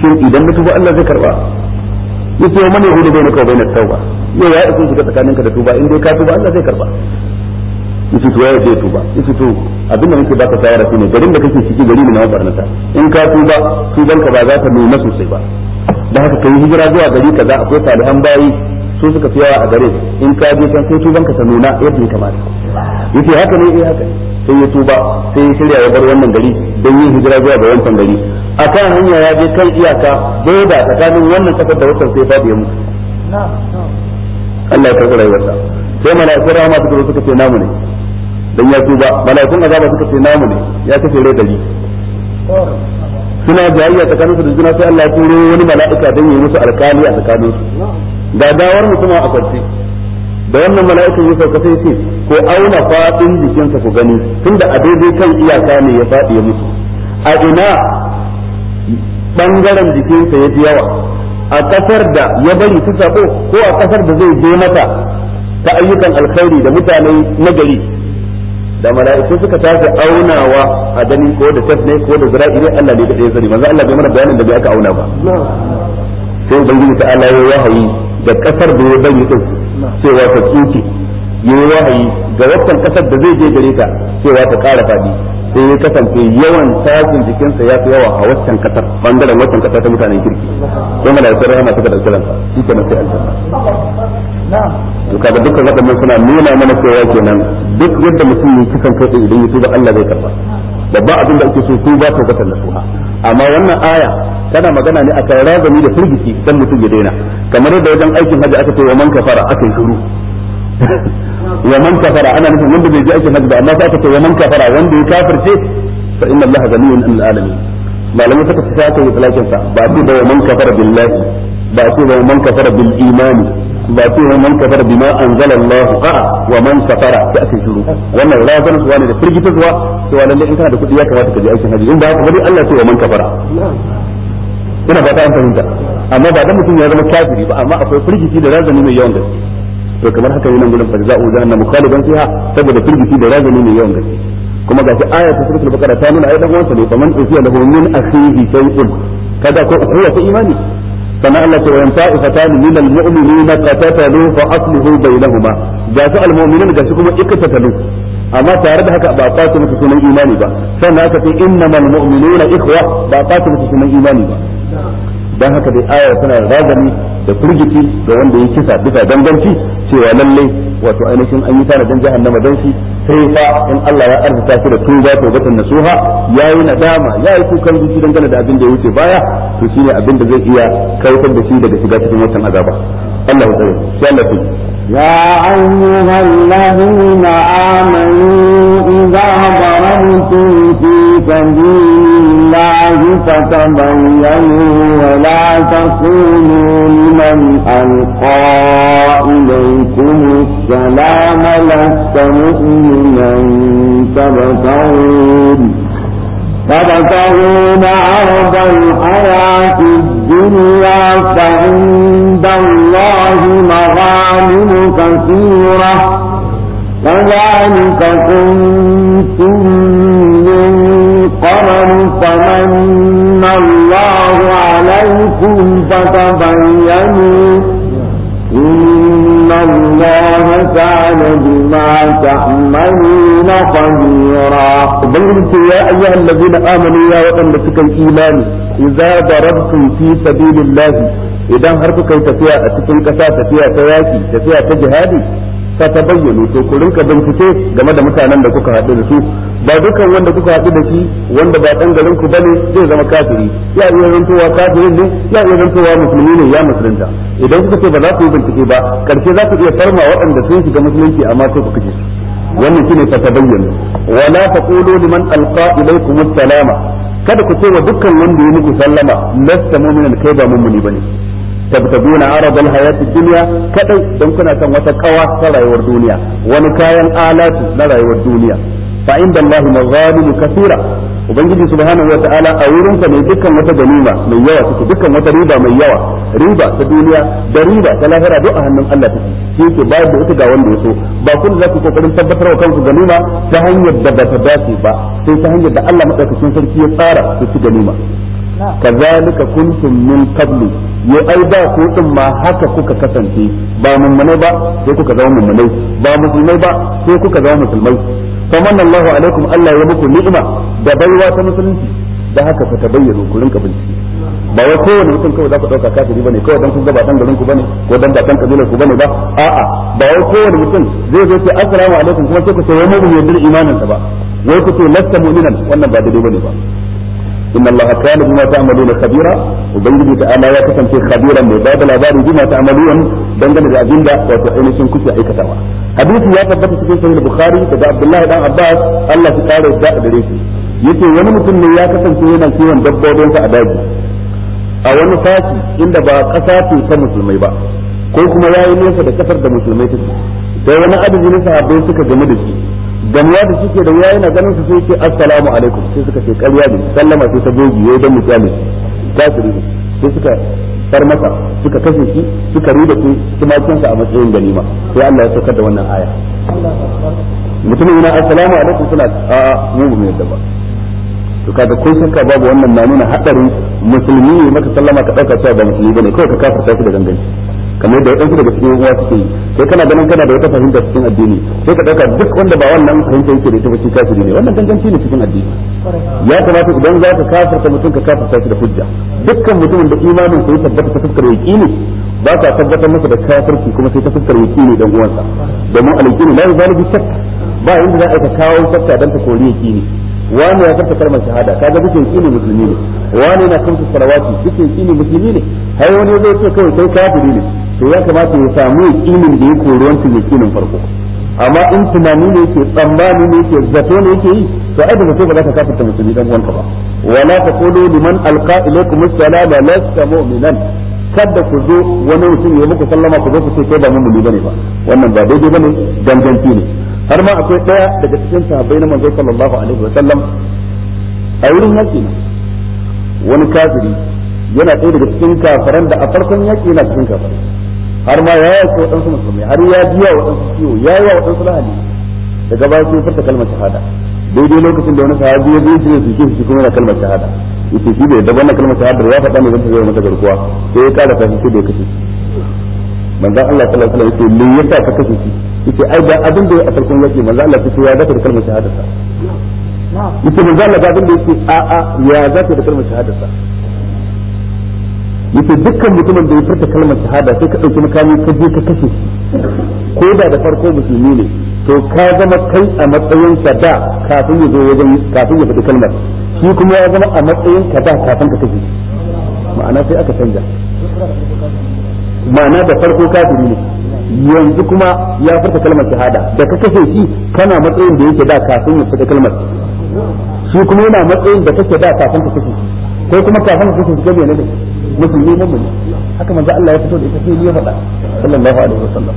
shin idan tuba Allah zai karba yace man yahudu bainaka wa bainat tauba yo ya iso shiga tsakaninka da tuba in dai ka tuba Allah zai karba yace to ya je tuba yace to abinda nake baka shawara shine garin da kake ciki gari na na barnata in ka tuba tubanka ba za ta nuna sosai ba da haka kai hijira zuwa gari kaza akwai salihan bayi su suka fi a gare in ka je can sai tubanka ta nuna yadda ya kamata yace haka ne eh haka sai ya tuba sai ya shirya ya bar wannan gari don yin hijira zuwa ga wancan gari kan hanya ya je kan iyaka boda tsakanin wannan kasar da wannan sai fadi ya mutu Allah ya karɓi rayuwarsa sai mala'ikun rahama suka zo suka ce namu ne dan ya tuba mala'ikun azaba suka ce namu ne ya kace rai gari. suna jayayya tsakanin su da juna sai Allah ya turo wani mala'ika dan yi musu alƙali a tsakanin su ga gawar mutum a kwance da wannan mala'ikun ya sauka sai ce ko auna fadin jikinsa ku gani tunda a daidai kan iyaka ne ya fadi ya mutu a ina bangaren jikinsa ya fi yawa a kasar da ya bari su sako ko a kasar da zai je mata ta ayyukan alkhairi da mutane nagari da mala'ikun suka tafi aunawa a gani ko da taf ne ko da zira'i ne Allah ne da ya sani manzo Allah bai mana bayanin da bai aka auna ba sai ubangiji ta Allah ya wahayi da kasar da ya bari su cewa ta tsuke yayi wahayi ga wasan kasar da zai je gare ta cewa ta ƙara fadi sai ya kasance yawan tashin jikinsa ya fi yawa a wasan kasar bangaren wasan kasar ta mutanen kirki don mana yasar rahama suka ɗauki ransa shi kenan sai aljanna to kaga dukkan waɗannan suna nuna mana cewa kenan duk yadda mutum ya kisan kai idan ya tuba Allah zai karba babban abin da ake so su ba tawbatar nasuha amma wannan aya tana magana ne akan razami da firgici dan mutum ya daina kamar yadda wajen aikin haji aka ce wa man kafara aka yi shuru wa man kafara ana nufin wanda bai je aikin haji ba amma sai aka ce wa man kafara wanda ya kafirce fa inna allaha ghaniyyun 'anil alamin malamai suka fita aka yi talakin sa ba ce da wa man kafara billahi ba ce ba man kafara bil imani ba ce ba man kafara bima anzala Allah a wa man kafara ta aka shiru wannan razan suwa ne da firgita suwa cewa lalle in kana da kuɗi ya kamata ka je aikin haji in ba ka bari Allah ce wa man kafara ina ba ta an fahimta amma ba dan mutum ya zama kafiri ba amma akwai firgiti da razani mai yawan gaske to kamar haka yana gurin fajza'u zanna khalidan fiha saboda firgiti da razani mai yawan gaske kuma gashi aya ta suratul baqara ta nuna ai dan uwansa ne faman usiya da min akhihi shay'un kada ko uhuwa ta imani sannan Allah ta wayan ta'ifatan min almu'minina qatatalu fa aslihu bainahuma ga su almu'minin ga su kuma ikatatalu amma tare da haka ba a ɓata musu sunan imani ba sannan aka ce innamal mu'minuna ikhwa ba a ɓata musu sunan imani ba dan haka dai aya tana razani da firgici ga wanda ya kisa bisa danganci cewa lallai wato ainihin an yi tanadin jahannama dan shi sai fa in Allah ya arzuta shi da tuba to batan nasuha yayi nadama yayi kukan zuci dangane da abin da ya wuce baya to shine abin da zai iya kautar da shi daga shiga cikin wannan azaba Allah ya tsare sai Allah الله فتبينوا ولا تقولوا لمن ألقى إليكم السلام لست مؤمنا تبتغون تبتغون عرض الحياة الدنيا فعند الله مغانم كثيرة كذلك كنتم من القمر فمن الله عليكم فتبينوا إن الله كان بما تعملون خبيرا بلغت يا أيها الذين آمنوا يا وطن لسك الإيمان إذا ضربتم في سبيل الله إذا هرتك تفيا أتكن كسا تفيا تياكي تفيا تجهادي fa tabayyanu to ku rinka bincike game da mutanen da kuka haɗu da su ba dukan wanda kuka haɗu da shi wanda ba dan garin ku bane zai zama kafiri ya iya zantowa kafirin ne ya iya zantowa musulmi ne ya musulunta idan kuka ce ba za ku yi bincike ba karshe za ku iya farma waɗanda sun shiga musulunci amma sai ku kace wannan shine ta bayyane wala taqulu liman alqa ilaykum salama kada ku ce wa dukkan wanda ya muku sallama lasta mu'minan kai ba mu'mini bane tabtaguna aradal hayati dunya kadai don kuna son wata kawa ta rayuwar duniya wani kayan alatu na rayuwar duniya fa inda Allah maghalib kathira ubangiji subhanahu wataala a wurin sa ne dukkan wata ganima mai yawa take dukkan wata riba mai yawa riba ta duniya da riba ta lahira duk a hannun Allah take shi yake bayar da ita ga wanda ya so ba kun za kokarin tabbatar wa kanku ganima ta hanyar da ba ta dace ba sai ta hanyar da Allah madaukakin sarki ya tsara su ci ganima kazalika kuntum min qablu yo ai da ku din ma haka kuka kasance ba mummunai ba sai kuka zama mummunai ba musulmai ba sai kuka zama musulmai famanna alaikum Allah ya muku da baiwa ta musulunci haka ka ku rinka ba wai kowane mutum kawai za ku dauka kafiri bane kawai dan kun ga batan garin ku bane ko dan kabilar ku bane ba a'a ba wai kowane mutum zai zo ce assalamu alaikum kuma sai ku ce wai imanin sa ba wai ku ce lasta mu'minan wannan ba daidai bane ba إن الله كان بما تعملون خبيرا وبنجي تعالى يا كتم في خبيرا مباب العبار بما تعملون da الأجندة وتعين سن كسي أي كتابة حديث يا تبت في سنة البخاري تبع عبد الله بن عباس الله تعالى يبدأ بريسي yake wani mutum ne ya kasance yana kiwon dabbobinsa a daji a wani fashi inda ba ƙasa ce ta musulmai ba ko kuma ya yi da kasar da musulmai take sai wani adadi na sahabbai suka gamu da shi damuwa da suke da yayi na ganin su sai ce assalamu alaikum sai suka ce ƙarya ne sallama sai ta gogi yayi dan misali kafiri sai suka far masa suka kashe shi suka rida shi sa a matsayin ganima sai Allah ya saukar da wannan aya mutumin yana assalamu alaikum suna a mu mu yadda ba to kaga kun saka babu wannan na nuna hadarin musulmi ne maka sallama ka dauka cewa ba musulmi bane kawai ka kafa shi da ganganci kamar da wadansu daga cikin uwa suke sai kana ganin kana da wata fahimta cikin addini sai ka ɗauka duk wanda ba wannan fahimta yake da ita ba shi kafiri ne wannan ganganci ne cikin addini ya kamata idan za ka kafarta mutum ka kafarta shi da hujja dukkan mutumin da imanin sa ya tabbata ta fuskar yaqini ba ka tabbatar masa da kafirci kuma sai ta fuskar yaqini dan uwansa domin alƙini na yi zalibi shakk ba inda za a ka kawo shakka dan ta kori yaqini wani ya karta kalmar shahada kaga bikin shi ne musulmi ne wani na kamsa salawati bikin shi musulmi ne har wani zai ce kawai kai kafiri ne to ya kamata ya samu yakinin da ya kori wancan yakinin farko amma in tunani ne yake tsammani ne yake zato ne yake yi to ai da ba za ka kafirta musulmi dan uwanka ba wala taqulu liman alqa ilaykum assalama lasta mu'minan kada ku zo wani mutum ya muku sallama ku zo ku ce kai ba mun muli bane ba wannan ba daidai bane danganci ne har ma akwai daya daga cikin sahabbai na manzo sallallahu alaihi wa sallam a wurin yaki wani kafiri yana ɗaya daga cikin kafaran da a farkon yaki yana cikin kafirai har ma ya yi ko waɗansu musulmai har ya biya waɗansu ciwo ya yi wa waɗansu lahani daga baya sai furta kalmar shahada daidai lokacin da wani sahabi ya zo ya su shi kuma yana kalmar shahada yace shi bai da wannan kalmar shahada ya faɗa ne zan tafi mata garkuwa sai ya kara tafi sai da ya kashe shi manzon Allah sallallahu alaihi wasallam yace me yasa ka kashe shi yace ai da abin da a farkon yake manzon Allah sai ya dafa kalmar shahada sa yace manzon Allah abin da yake a a ya zaka da kalmar shahada sa yace dukkan mutumin da ya furta kalmar shahada sai ka dauki makami ka je ka kashe shi ko da da farko musulmi ne to ka zama kai a matsayin da kafin ya zo wajen kafin ya faɗi kalmar shi kuma ya zama a matsayin ka da kafin ka kashe ma'ana sai aka canja ma'ana da farko kafiri ne yanzu kuma ya furta kalmar shahada da ka kashe shi kana matsayin da yake da kafin ya furta kalmar shi kuma yana matsayin da kake da kafin ka kashe shi ko kuma kafin ka kashe shi gabe ne da musulmi ne haka manzo Allah ya fito da ita sai ya faɗa sallallahu alaihi wasallam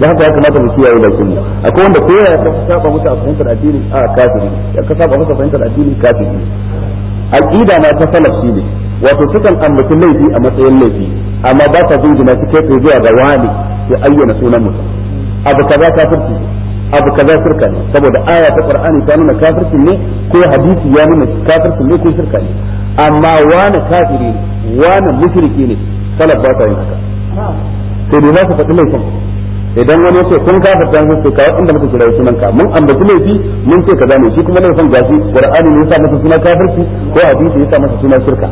da haka ya kamata mu kiyaye da mu akwai wanda ko ya saba a fahimtar addini a kafiri ya ka saba masa fahimtar addini kafiri aqida na ta salafi ne wato sukan ambaci laifi a matsayin laifi amma ba ta jingina su kai zuwa ga wani ya ayyana sunan mutum abu kaza kafirci abu kaza shirka ne saboda aya ta qur'ani ta nuna kafirci ne ko hadisi ya nuna kafirci ne ko shirka ne amma wani kafiri ne wani mushriki ne salaf ba ta yin haka sai dai za su faɗi laifin idan wani yace kun kafirta su ka kawo inda muka kira sunan ka mun ambaci laifi mun ce kaza ne shi kuma san gashi qur'ani ne yasa masa suna kafirci ko hadisi yasa masa suna shirka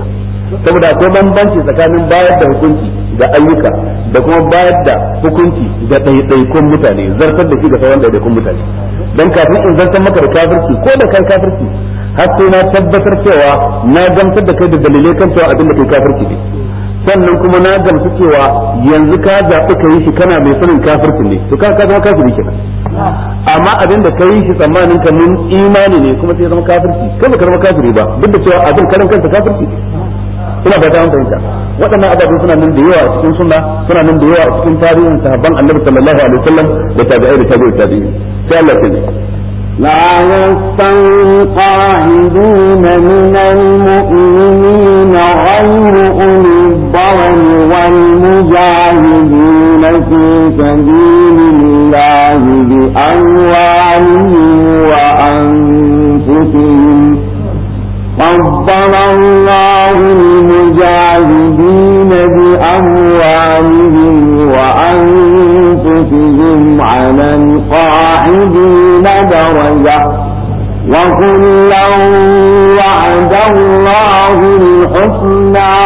saboda akwai bambanci tsakanin bayar da hukunci ga ayyuka da kuma bayar da hukunci ga ɗaiɗaikun mutane zartar da shi ga sauran ɗaiɗaikun mutane dan kafin in zartar maka da kafirci ko da kan kafirci har sai na tabbatar cewa na gamsar da kai da dalilai kan cewa abin da kai kafirci ne sannan kuma na gamsu cewa yanzu ka zaɓi ka yi shi kana mai sanin kafircin ne to ka ka zama kafiri kenan amma abin da ka yi shi tsammanin ka mun imani ne kuma sai zama kafirci kai ba ka zama kafiri ba duk da cewa abin karan kanta kafirci ina ba ta an fahimta waɗannan ababen suna nan da yawa a cikin sunna suna nan da yawa a cikin tarihin sahabban annabi sallallahu alaihi wasallam da tabi'ai da tabi'ai tabi'in sai Allah ya لا يستوي القاعدون من المؤمنين غير أولي الضرر والمجاهدين في سبيل الله بأموالهم وأنفسهم فضل الله المجاهدين بأموالهم وأنفسهم على القاعدين درجة وكلا وعد الله الحسنى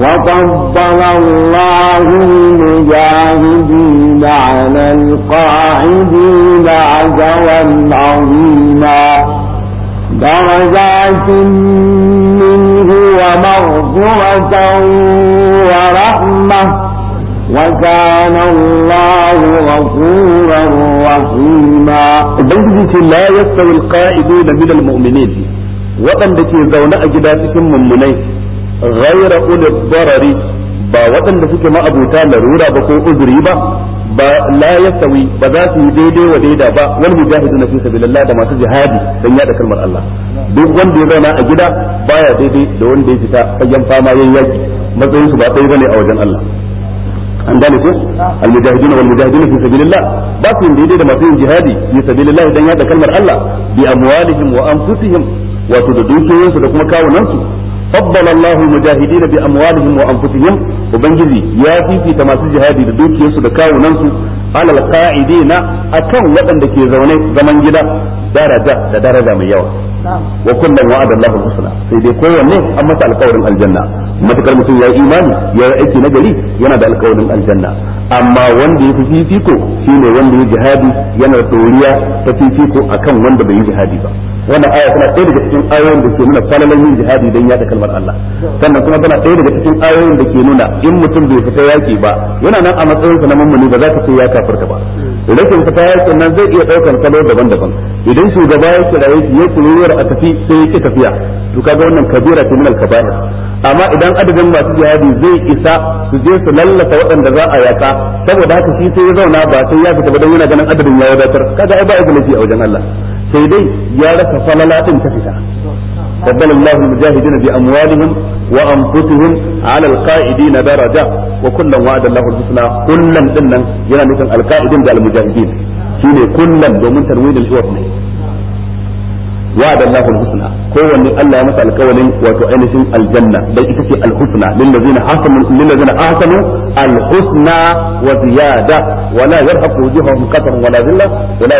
وفضل الله المجاهدين على القاعدين عجوا عظيما درجات منه ومغفرة ورحمة وكان الله غفورا رحيما بلدك لا يستوي القائدون من المؤمنين وأن ke zaune a من cikin ghayra ulil darari ba waɗanda suke ma'abuta larura ba ko uzuri ba ba la yasawi ba za su yi daidai wa daida ba wal mujahiduna fi sabilillah da masu jihadi dan yada kalmar Allah duk wanda ya zauna a gida baya daidai da wanda ya fita fagen fama yayin yaki matsayin su ba ɗaya bane a wajen Allah an gane ko al mujahiduna ba daidai jihadi fi sabilillah dan kalmar Allah bi wato da dukiyoyinsu da kuma kawunansu faddala Allahu mujahidina bi amwalihim wa anfusihim ubangiji ya fifita masu jihadi da dukiyarsu da kawunansu alal qa'idina akan waɗanda ke zaune zaman gida daraja da daraja mai yawa wa kullum wa'ada Allahu husna sai dai kowanne an masa alƙawarin aljanna matukar mutum ya yi imani ya yi aiki nagari yana da alƙawarin aljanna amma wanda ya fi fifiko shine wanda ya jihadi yana da doriya ta fifiko akan wanda bai yi jihadi ba wannan aya tana ɗaya daga cikin ayoyin da ke nuna falalan yin jihadi don yaɗa kalmar Allah sannan kuma tana ɗaya daga cikin ayoyin da ke nuna in mutum bai fita yaƙi ba yana nan a matsayinsa na mummuni ba za ka ce ya kafirta ba rashin fita yaƙin nan zai iya ɗaukar salo daban-daban idan shugaba ya kiraye shi ya kururuwar a tafi sai ya ki tafiya to kaga wannan kabira ce min al-kaba'ir amma idan adadin masu jihadi zai isa su je su lallata waɗanda za a yaƙa saboda haka shi sai ya zauna ba sai ya fita ba don yana ganin adadin ya wadatar kaga ai ba laifi a wajen Allah sai dai ya rasa haka falala din ta fita فضل الله المجاهدين بأموالهم وأنفسهم على القائدين درجة وكلا وعد الله الحسنى كلا دنا ينال القائدين المجاهدين shine kullum domin tanwin al-jawab ne wa'ada Allahu husna kowanne Allah ya masa alƙawarin wato ainihin aljanna dan ita ce al-husna lillazina ahsanu lillazina ahsanu al-husna wa ziyada wa la yarhaqu wujuhahum qatar wa la dhilla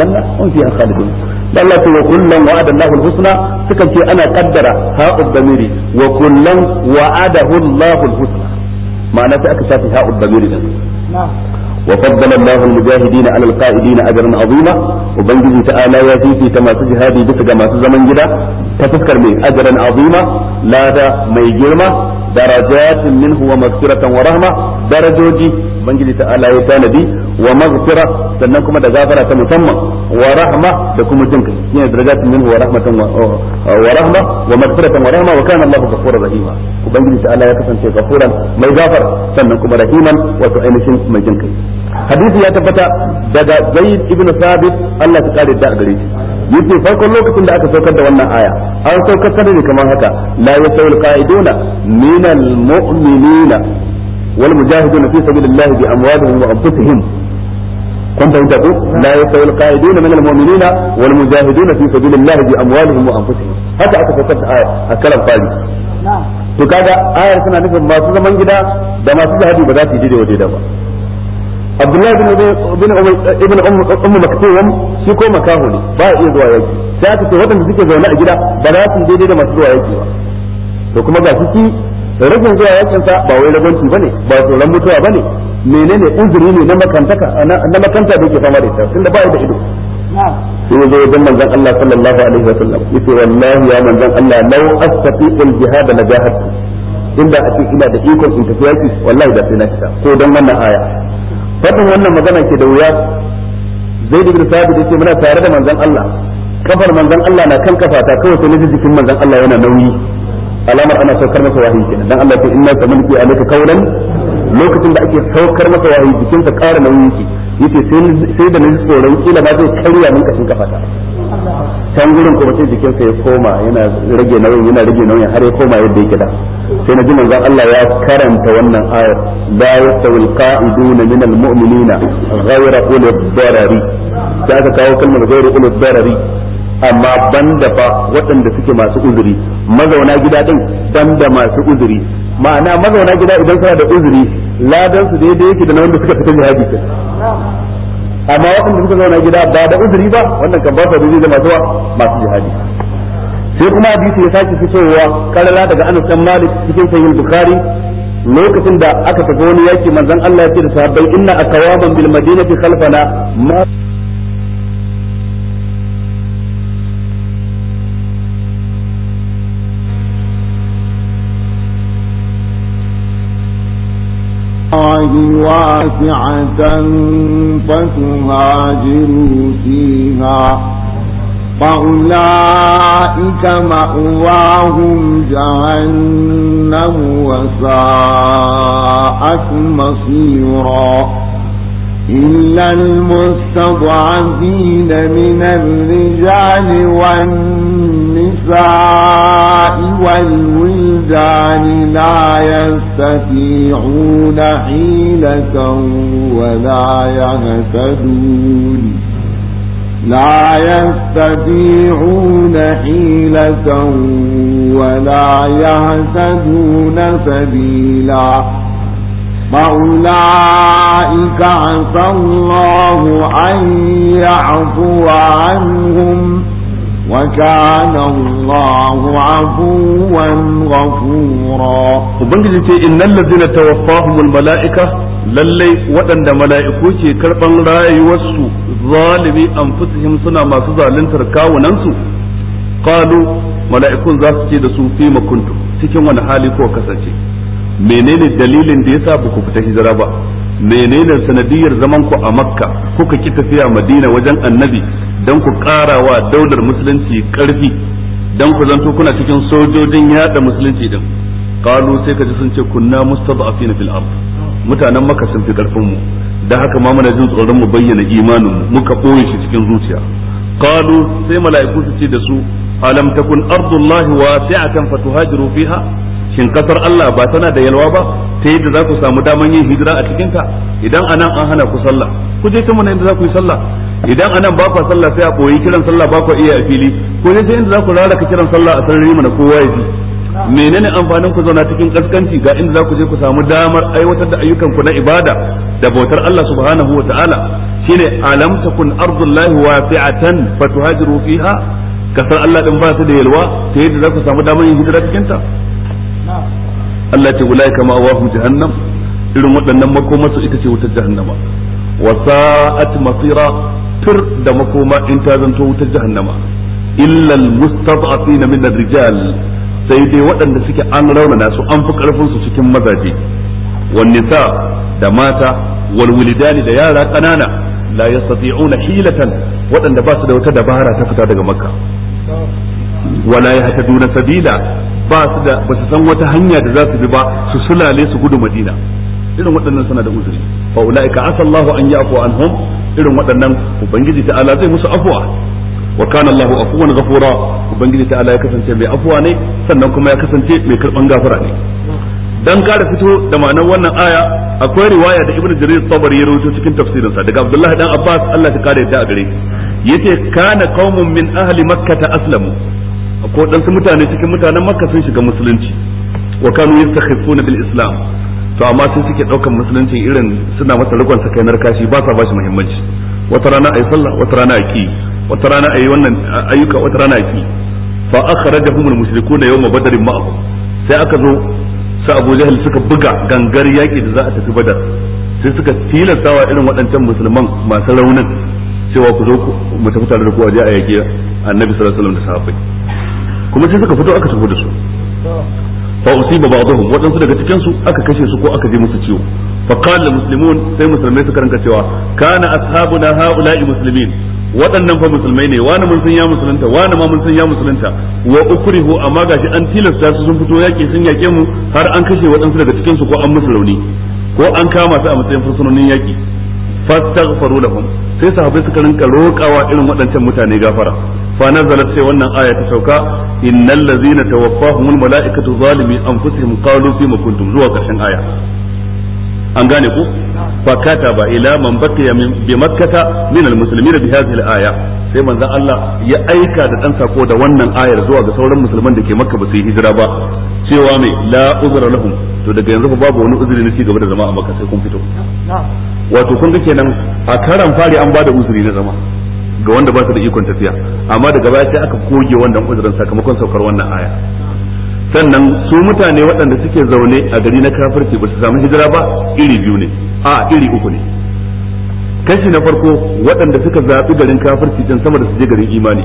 janna hum fiha khalidun dan Allah ce wa wa'ada Allahu al-husna suka ce ana kaddara ha'ud damiri wa husna ma'ana sai aka shafi ha'ud din وفضل الله المجاهدين على القائدين اجرا عظيما وبنجي تعالى يا فيفي كما تجهادي بس كما تزمن جدا تفكر من اجرا عظيما لا دا مي جرما درجات منه ومغفرة ورحمة درجوجي بنجي تعالى يا تاندي wa maghfira sannan kuma da gafara ta musamman wa rahma da kuma jin kai yana darajatun minhu wa rahmatan wa rahma wa maghfiratan wa rahma wa kana Allahu ghafurur rahima ubangiji ta Allah ya kasance ghafuran mai gafara sannan kuma rahiman wato ainihin mai jin kai hadisi ya tabbata daga Zaid ibn Sabit Allah ta kare da gare shi yace farkon lokacin da aka saukar da wannan aya an saukar ta ne kamar haka la yasawul qa'iduna minal mu'minina والمجاهدون في سبيل الله بأموالهم وأنفسهم kun fahimta ko la yasawi alqaidun min almu'minin wal mujahidun fi sabilillahi bi amwalihim wa anfusihim haka aka fassara a karan fari to kaga ayar tana nufin masu zaman gida da masu jihadi ba za su yi daidai wa daidai ba Abdullahi bin bin ibn Umm Maktum shi ko makaho ne ba ya iya zuwa yaki sai aka ce waɗanda suke zaune a gida ba za su daidai da masu zuwa yaki ba to kuma ga shi rashin zuwa yakin sa ba wai rabanci bane ba tsoron mutuwa bane menene uzuri ne na makantaka na makanta da yake fama da ita tunda ba da ido sai zo wajen manzon Allah sallallahu alaihi wa sallam yace wallahi ya manzon Allah law astati'u al-jihad la jahadtu inda a ce ina da ikon in tafi yaki wallahi da sai na fita ko dan wannan aya fadin wannan magana ke da wuya zai da sabit yace muna tare da manzon Allah kafar manzon Allah na kan kafata kawai sai na jikin manzon Allah yana nauyi alamar ana saukar masa wahayi kenan dan Allah ta inna samalki alayka qawlan lokacin da ake saukar masa wahayi cikin ka ƙara nauyi yake yace sai da nisa tsoron kila ba zai karya min cikin kafata can gurin kuma sai jikin sa ya koma yana rage nauyin yana rage nauyin har ya koma yadda yake da sai na ji manzon Allah ya karanta wannan ayar la yastawil qa'iduna min almu'minina ghayra ulil darari da aka kawo kalmar ghayra ulil darari amma banda fa waɗanda suke masu uzuri mazauna gida ban banda masu uzuri ma'ana mazauna gida idan suna da uzuri ladan su daidai yake da na wanda suka fita jihadi kin amma waɗanda suka zauna gida ba da uzuri ba wannan kan ba su uzuri da masu masu jihadi sai kuma hadisi ya sake fitowa karala daga Anas dan Malik cikin sahih Bukhari lokacin da aka tafi wani yaki manzon Allah ya ce da sahabbai inna akawaman bil madinati khalfana ma الله واسعة فتهاجروا فيها فأولئك مأواهم جهنم وساءت مصيرا إلا المستضعفين من الرجال والنساء والولدان لا يستطيعون حيلة ولا يهتدون لا يستطيعون حيلة ولا يهتدون سبيلا فأولئك عسى الله أن يعفو عنهم وكان الله عفوا غفورا ubangiji ce innal ladzina tawaffahum al malaika lalle waɗanda mala'iku ke karban rayuwarsu zalimi anfusihim suna masu zaluntar kawunansu qalu mala'ikun za su ce da su fi makuntu cikin wani hali ko kasance menene dalilin da yasa ba ku fita hijira ba menene sanadiyar zaman ku a makka kuka ki tafiya madina wajen annabi don ku karawa daular musulunci karfi don ku zanto kuna cikin sojojin yada musulunci din qalu sai ji sun ce kunna mustad'afina fil ard mutanen makka sun fi karfin mu dan haka ma muna jin tsoron mu bayyana imanin mu muka boye shi cikin zuciya qalu sai mala'iku su ce da su alam takun ardullahi wasi'atan fatuhajiru fiha shin kasar Allah ba tana da yalwa ba ta yadda za ku samu daman yin hijira a cikin ta idan anan an hana ku sallah ku je kuma inda za ku yi sallah idan anan ba ku sallah sai a koyi kiran sallah ba ku iya a fili ko ne inda za ku raraka kiran sallah a sarari mana kowa ya ji menene amfanin ku zauna cikin kaskanci ga inda za ku je ku samu damar aiwatar da ayyukan ku na ibada da bautar Allah subhanahu wa ta'ala shine alam takun ardullahi wasi'atan fatuhajiru fiha kasar Allah din ba ta da yalwa ta yadda za ku samu damar yin hijira cikin ta Allah ce ulai kama awahum jahannam irin waɗannan makomarsu ita ce wutar jahannama wa sa'at masira tur da makoma in ta zanto wutar jahannama illa almustad'afina min ar-rijal sai dai waɗanda suke an raunana su an fi karfin su cikin mazaje wan nisa da mata wal wilidani da yara kanana la yastati'una hilatan waɗanda ba su da wata dabara ta fita daga makka wala yahtaduna sabila ba su da ba su san wata hanya da za su bi ba su sulale su gudu madina irin waɗannan suna da uzuri fa ulaika asallahu an yafu anhum irin waɗannan ubangiji ta'ala zai musu afwa wa kana Allahu afuwan ghafura ubangiji ta'ala ya kasance mai afuwa ne sannan kuma ya kasance mai karban gafara ne dan kara fito da ma'anar wannan aya akwai riwaya da Ibn Jarir Tabari ya rawaito cikin tafsirinsa. daga Abdullahi dan Abbas Allah ya kare yadda a gare yace kana qaumun min ahli makkah aslamu ko dan su mutane cikin mutanen makka sun shiga musulunci wa kanu yastakhifuna bil islam to amma sai suke daukan musulunci irin suna masa rikon sa kainar kashi ba sa bashi muhimmanci wata rana ayi sallah wata rana a ki wata rana ayi wannan ayyuka wata rana a ki fa akhrajahum al mushrikuna yawma badr ma'ahum sai aka zo sa Abu Jahl suka buga gangar yaki da za a tafi Badar sai suka tilastawa irin waɗancan musulman masu raunin cewa ku zo mu tafi tare da ku a je a yaƙi Annabi sallallahu alaihi wasallam da sahabbai kuma sai suka fito aka tafi da su fa usiba ba'dhum wadansu daga cikin su aka kashe su ko aka je musu ciwo fa qala muslimun sai musulmai suka ranka cewa kana ashabuna haula'i muslimin waɗannan fa musulmai ne wani mun san ya musulunta wani ma mun san ya musulunta wa ukrihu amma gashi an tilasta su sun fito yaƙi sun yaƙe mu har an kashe waɗansu daga cikin su ko an musu rauni ko an kama su a matsayin fursunonin yaƙi fastaghfaru lahum sai sahabbai suka rinka roƙawa irin waɗancan mutane gafara fa nazalat sai wannan aya ta sauka innal ladzina tawaffahumul malaikatu zalimi anfusihim qalu ma kuntum zuwa ƙarshen aya an gane ku فكتب إلى من بقي بمكة من المسلمين بهذه aya sai manzo Allah ya aika da dan sako da wannan ayar zuwa ga sauran musulman da ke Makka ba su yi hijira ba cewa mai la uzra lahum to daga yanzu babu wani uzuri na cigaba da zama a Makka sai kun fito wato kun ga kenan a karan fari an bada uzuri na zama ga wanda ba su da ikon tafiya amma daga baya sai aka goge wannan uzurin sakamakon saukar wannan aya sannan su mutane waɗanda suke zaune a gari na kafirci ba su samu hijira ba iri biyu ne a iri uku ne kashi na farko waɗanda suka zaɓi garin kafirci can sama da su je garin imani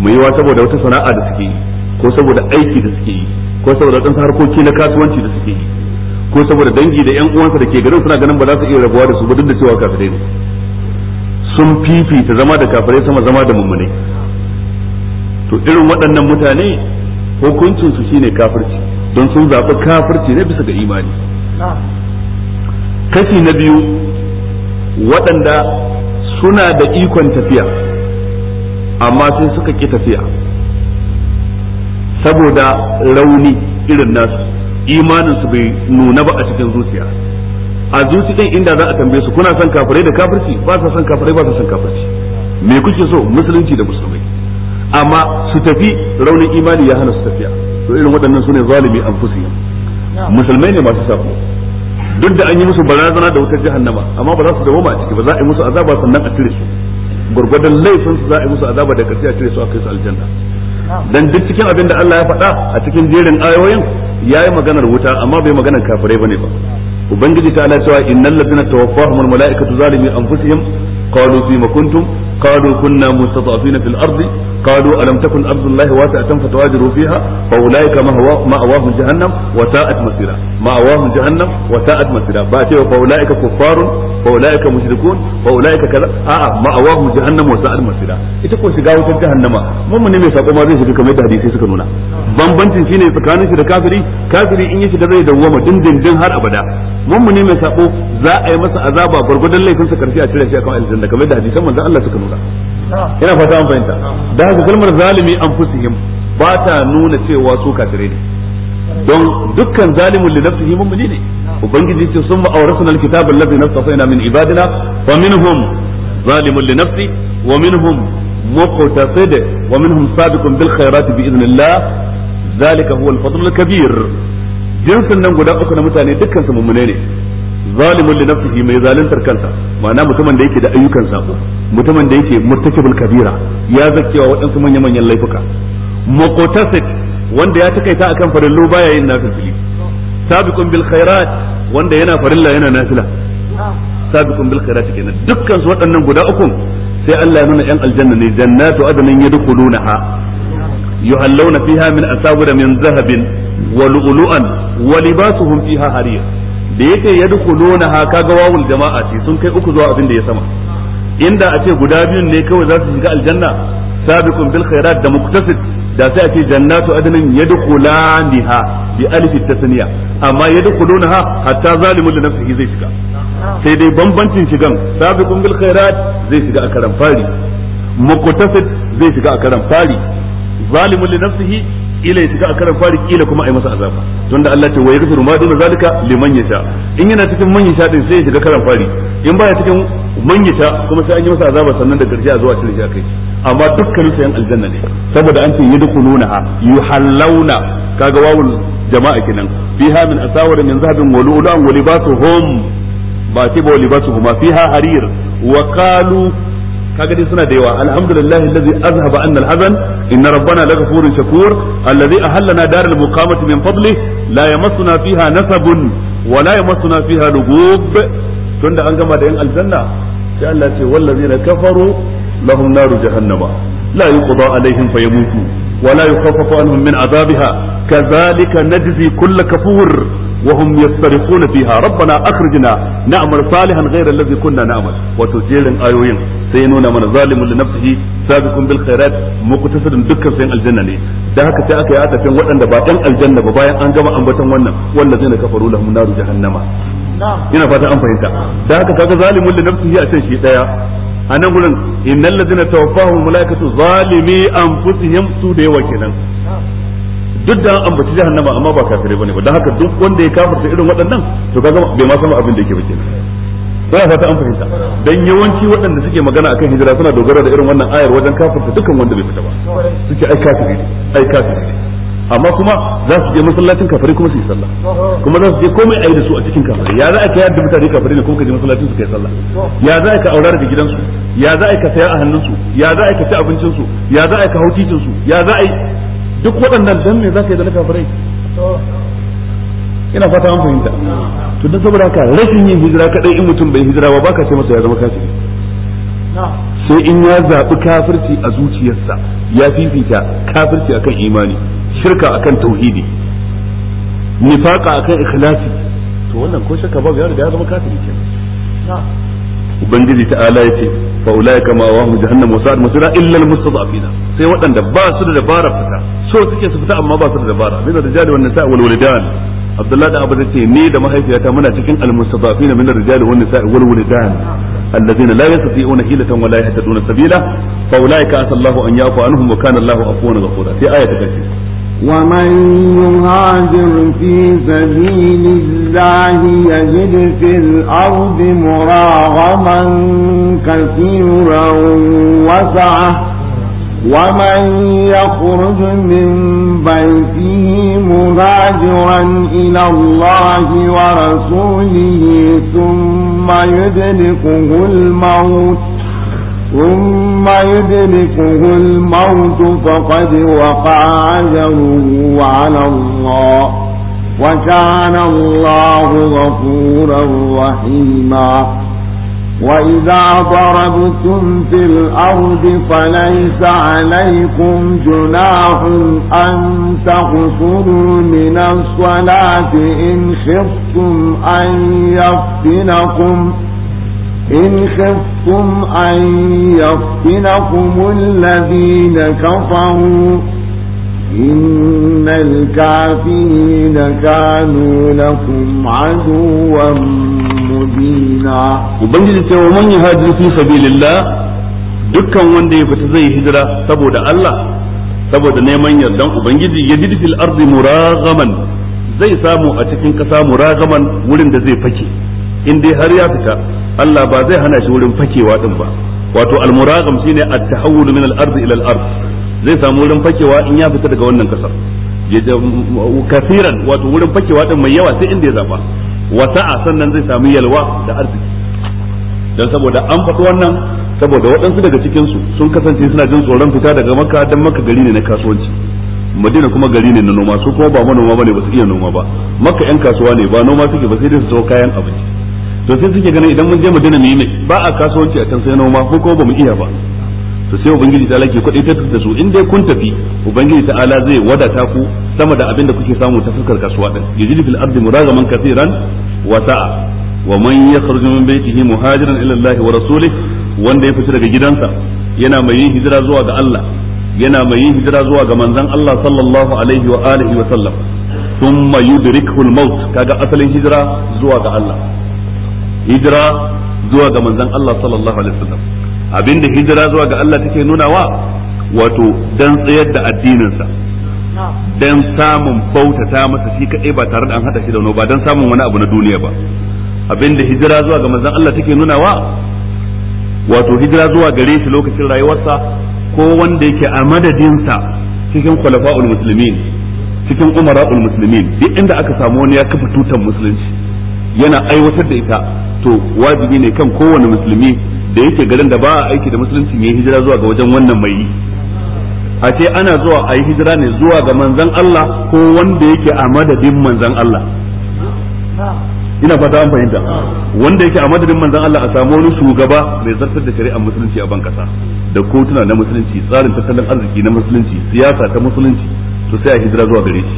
mu yiwa saboda wata sana'a da suke yi ko saboda aiki da suke yi ko saboda waɗansu harkoki na kasuwanci da suke yi ko saboda dangi da yan uwansa da ke garin suna ganin ba za su iya rabuwa da su ba duk da cewa kafirai ne sun fifita zama da kafirai sama zama da mummunai to irin waɗannan mutane hukuncin su shine kafirci don sun zaɓi kafirci ne bisa ga imani kashi na biyu waɗanda suna da ikon tafiya amma sun suka ƙi tafiya saboda rauni irin nasu imaninsu bai nuna ba a cikin zuciya a zuci inda za a tambaye su kuna son kafirai da kafirci ba sa son kafirai ba sa son kafirci me kuke so musulunci da musulmai amma su tafi raunin imani ya hana su tafiya to irin waɗannan sune zalimi anfusihim musulmai ne masu sako duk da an yi musu barazana da wutar jahannama amma ba za su dawoma a ciki ba za a yi musu azaba sannan a cire su gurgurdan laifin su za a yi musu azaba da karshe a cire su a kai su aljanna dan duk cikin abin da Allah ya faɗa a cikin jerin ayoyin yayi maganar wuta amma bai maganar kafirai bane ba ubangiji ta ala cewa innal ladina tawaffahumul malaikatu zalimi anfusihim qalu fima kuntum qalu kunna mustadafina fil ardi قالوا ألم تكن أرض الله واسعة فتهاجروا فيها فأولئك مأواهم جهنم وساءت مصيرا مأواهم جهنم وساءت مصيرا باتي فأولئك كفار فأولئك مشركون فأولئك كذا آه مأواهم جهنم وساءت مصيرا ita ko shiga wutar jahannama mummuni mai sako ma zai shiga kamar da hadisi suka nuna bambancin shine tsakanin shi da kafiri kafiri in ya shiga zai dawwama dindindin har abada mummuni mai sako za a yi masa azaba gurgudan laifinsa karshe a cire shi a haka kalmar zalimi anfusihim ba ta nuna cewa su kafirai ne don dukkan zalimin li nafsihi mummuni ne ubangiji ce summa awrasna alkitaba alladhi min ibadina fa minhum zalimun li nafsi wa minhum muqtasid wa minhum sabiqun bil khairati bi idhnillah zalika huwa al-fadl al-kabir jinsin nan guda uku na mutane dukkan su mummune ne zalimun li nafsihi mai zaluntar kansa ma'ana mutumin da yake da ayyukan sako mutumin da yake murtakibul kabira ya zakkewa waɗansu manya-manyan laifuka muqtasid wanda ya takaita akan farillo baya yin nafili sabiqun bil khairat wanda yana farilla yana nafila sabiqun bil khairat kenan dukkan su waɗannan guda uku sai Allah ya nuna yan aljanna ne jannatu adnan yadkhulunaha yuhallawna fiha min asawir min zahabin wa lu'lu'an wa libasuhum fiha harir da yake yadkhuluna ha kaga wawul jama'a ce sun kai uku zuwa abin da ya sama inda a ce guda biyun ne kawai za su shiga aljanna sabiqun bil khairat da muktasid da sai a ce jannatu adnin yadkhulaniha bi alif tasniya amma ha hatta zalimul nafsi zai shiga sai dai bambancin shigan sabiqun bil khairat zai shiga a karan fari muktasid zai shiga a karan fari zalimul nafsi ila ya cika a karan fari kila kuma a yi masa azaba da Allah ta waye rufu ma duna zalika liman yasha in yana cikin man yasha din sai ya shiga karan fari in baya cikin man yasha kuma sai an yi masa azaba sannan da karshe a zuwa cire shi akai amma dukkanin sayan aljanna ne saboda an ce yadkhulunaha yuhallawna kaga wawul jama'a kenan fiha min asawar min zahabin wa lu'lu'an wa libasuhum ba ce ba fiha harir wa qalu Ka gani suna da yawa alhamdulillahi allazi azhaba anna alhazan inna rabbana laghafurun shakur allazi ahallana daral muqamati min fadli la yamassuna fiha nasabun wa la yamassuna fiha lugub tunda an gama da yan aljanna sai Allah ce wallazina kafaru lahum naru jahannama la yuqda alaihim fayamutu wa la yukhaffafu anhum min azabiha kadhalika najzi kull kafur وهم يصرخون فيها ربنا اخرجنا نعمل صالحا غير الذي كنا نعمل jerin ayoyin sai nuna mana zalimun li nafsihi sabiqun bil khairat muqtasidun dukkan sayan aljanna ne da haka sai aka yi atafin waɗanda ba ɗan aljanna ba bayan an gama ambaton wannan wanda zai na kafaru lahum naru jahannama ina fata an fahimta da haka kaga zalimun li nafsihi a can shi daya a nan gurin innal ladina tawaffahum malaikatu zalimi anfusihim su da yawa kenan duk da an ambaci jahannama amma ba kafirai bane ba don haka duk wanda ya kafirta irin waɗannan to kaga bai ma sama abin da yake ba kenan sai fata an fahimta dan yawanci waɗanda suke magana akan hijira suna dogara da irin wannan ayar wajen kafirta dukkan wanda bai fita ba suke ai kafiri ai kafiri amma kuma za su je masallacin kafari kuma su yi sallah kuma za su je komai ayi da su a cikin kafari ya za a kai da mutane kafari ne kuma ka je masallacin su kai sallah ya za a ka aura daga gidansu ya za a ka saya a hannunsu ya za a ka ci abincinsu ya za a ka hau su ya za a duk waɗannan dan me zaka yi da na kafirai ina fata an fahimta to dan saboda haka rashin yin hijira kaɗai in mutum bai hijira ba baka ce masa ya zama kafiri sai in ya zaɓi kafirci a zuciyarsa ya fifita kafirci akan imani shirka akan tauhidi nifaqa akan ikhlasi to wannan ko shakka babu ya ya zama kafiri kenan ubangiji ta'ala ya ce fa ulaika ma wa jahannam wa sa'at masira illa al mustada'fina sai waɗanda ba su da dabara fita so suke su fita amma ba su da dabara min ar-rijali wan nisa'i wal walidan Abdullahi da Abu ce ni da mahaifiyata muna cikin al-mustada'fina min ar-rijali wan nisa'i wal walidan alladhina la yastati'una hilatan wa la yahtaduna sabila fa ulaika asallahu an yafu anhum wa kana Allahu afuwan ghafura sai aya ta karshe ومن يهاجر في سبيل الله يجد في الأرض مراغما كثيرا وسعة ومن يخرج من بيته مهاجرا إلى الله ورسوله ثم يدركه الموت ثم يدركه الموت فقد وقع أجره على الله وكان الله غفورا رحيما وإذا ضربتم في الأرض فليس عليكم جناح أن تقصروا من الصلاة إن خفتم أن يفتنكم إن خفتم أن يفتنكم الذين كفروا إن الكافرين كانوا لكم عدوا مبينا وبنجد ومن يهاجر في سبيل الله dukkan wanda ya fita zai hijira saboda Allah saboda neman yardan ubangiji ya jidi fil ardi muragaman zai samu a cikin kasa muragaman wurin da zai fake in dai har ya fita Allah ba zai hana shi wurin fakewa din ba wato almuragam shine at-tahawul min al-ard ila al-ard zai samu wurin fakewa in ya fita daga wannan kasar kasiran wato wurin fakewa din mai yawa sai inda ya zaba wasa'a sannan zai samu yalwa da arziki dan saboda an faɗi wannan saboda waɗansu daga cikin su sun kasance suna jin tsoron fita daga makka dan makka gari ne na kasuwanci madina kuma gari ne na noma su kuma ba manoma bane ba su iya noma ba makka yan kasuwa ne ba noma suke ba sai dai su kayan abinci to sai suke ganin idan mun je Madina mu yi mai ba a kasuwanci a can sai noma ko ko ba mu iya ba to sai ubangiji ta lake kuɗi ta da su in dai kun tafi ubangiji ta ala zai wadata ku sama da abin da kuke samu ta fuskar kasuwa din yajidu fil ardi muragaman kaseeran wa sa'a wa man yakhruju min baytihi muhajiran ila Allah wa rasulih wanda ya fita daga gidansa yana mai yin hijira zuwa ga Allah yana mai yin hijira zuwa ga manzon Allah sallallahu alaihi wa alihi wa sallam thumma yudrikhu maut kaga asalin hijira zuwa ga Allah hijira zuwa ga manzon Allah sallallahu alaihi wasallam abinda hijira zuwa ga Allah take nunawa wato dan tsayar da addininsa dan samun bautata masa shi kadai ba tare da an hada shi da wani ba dan samun wani abu na duniya ba abinda hijira zuwa ga manzon Allah take nunawa wato hijira zuwa gare shi lokacin rayuwarsa ko wanda yake a madadinsa cikin khulafa'ul muslimin cikin umara'ul muslimin duk inda aka samu wani ya kafa tutan musulunci yana aiwatar da ita to wajibi ne kan kowane musulmi da yake garin da ba a aiki da musulunci ya hijira zuwa ga wajen wannan mai yi a ce ana zuwa a yi hijira ne zuwa ga manzan Allah ko wanda yake a madadin manzan Allah ina fata an fahimta wanda yake a madadin manzan Allah a samu wani shugaba mai zartar da shari'ar musulunci a bankasa da kotuna na musulunci tsarin tattalin arziki na musulunci siyasa ta musulunci to sai a hijira zuwa gare shi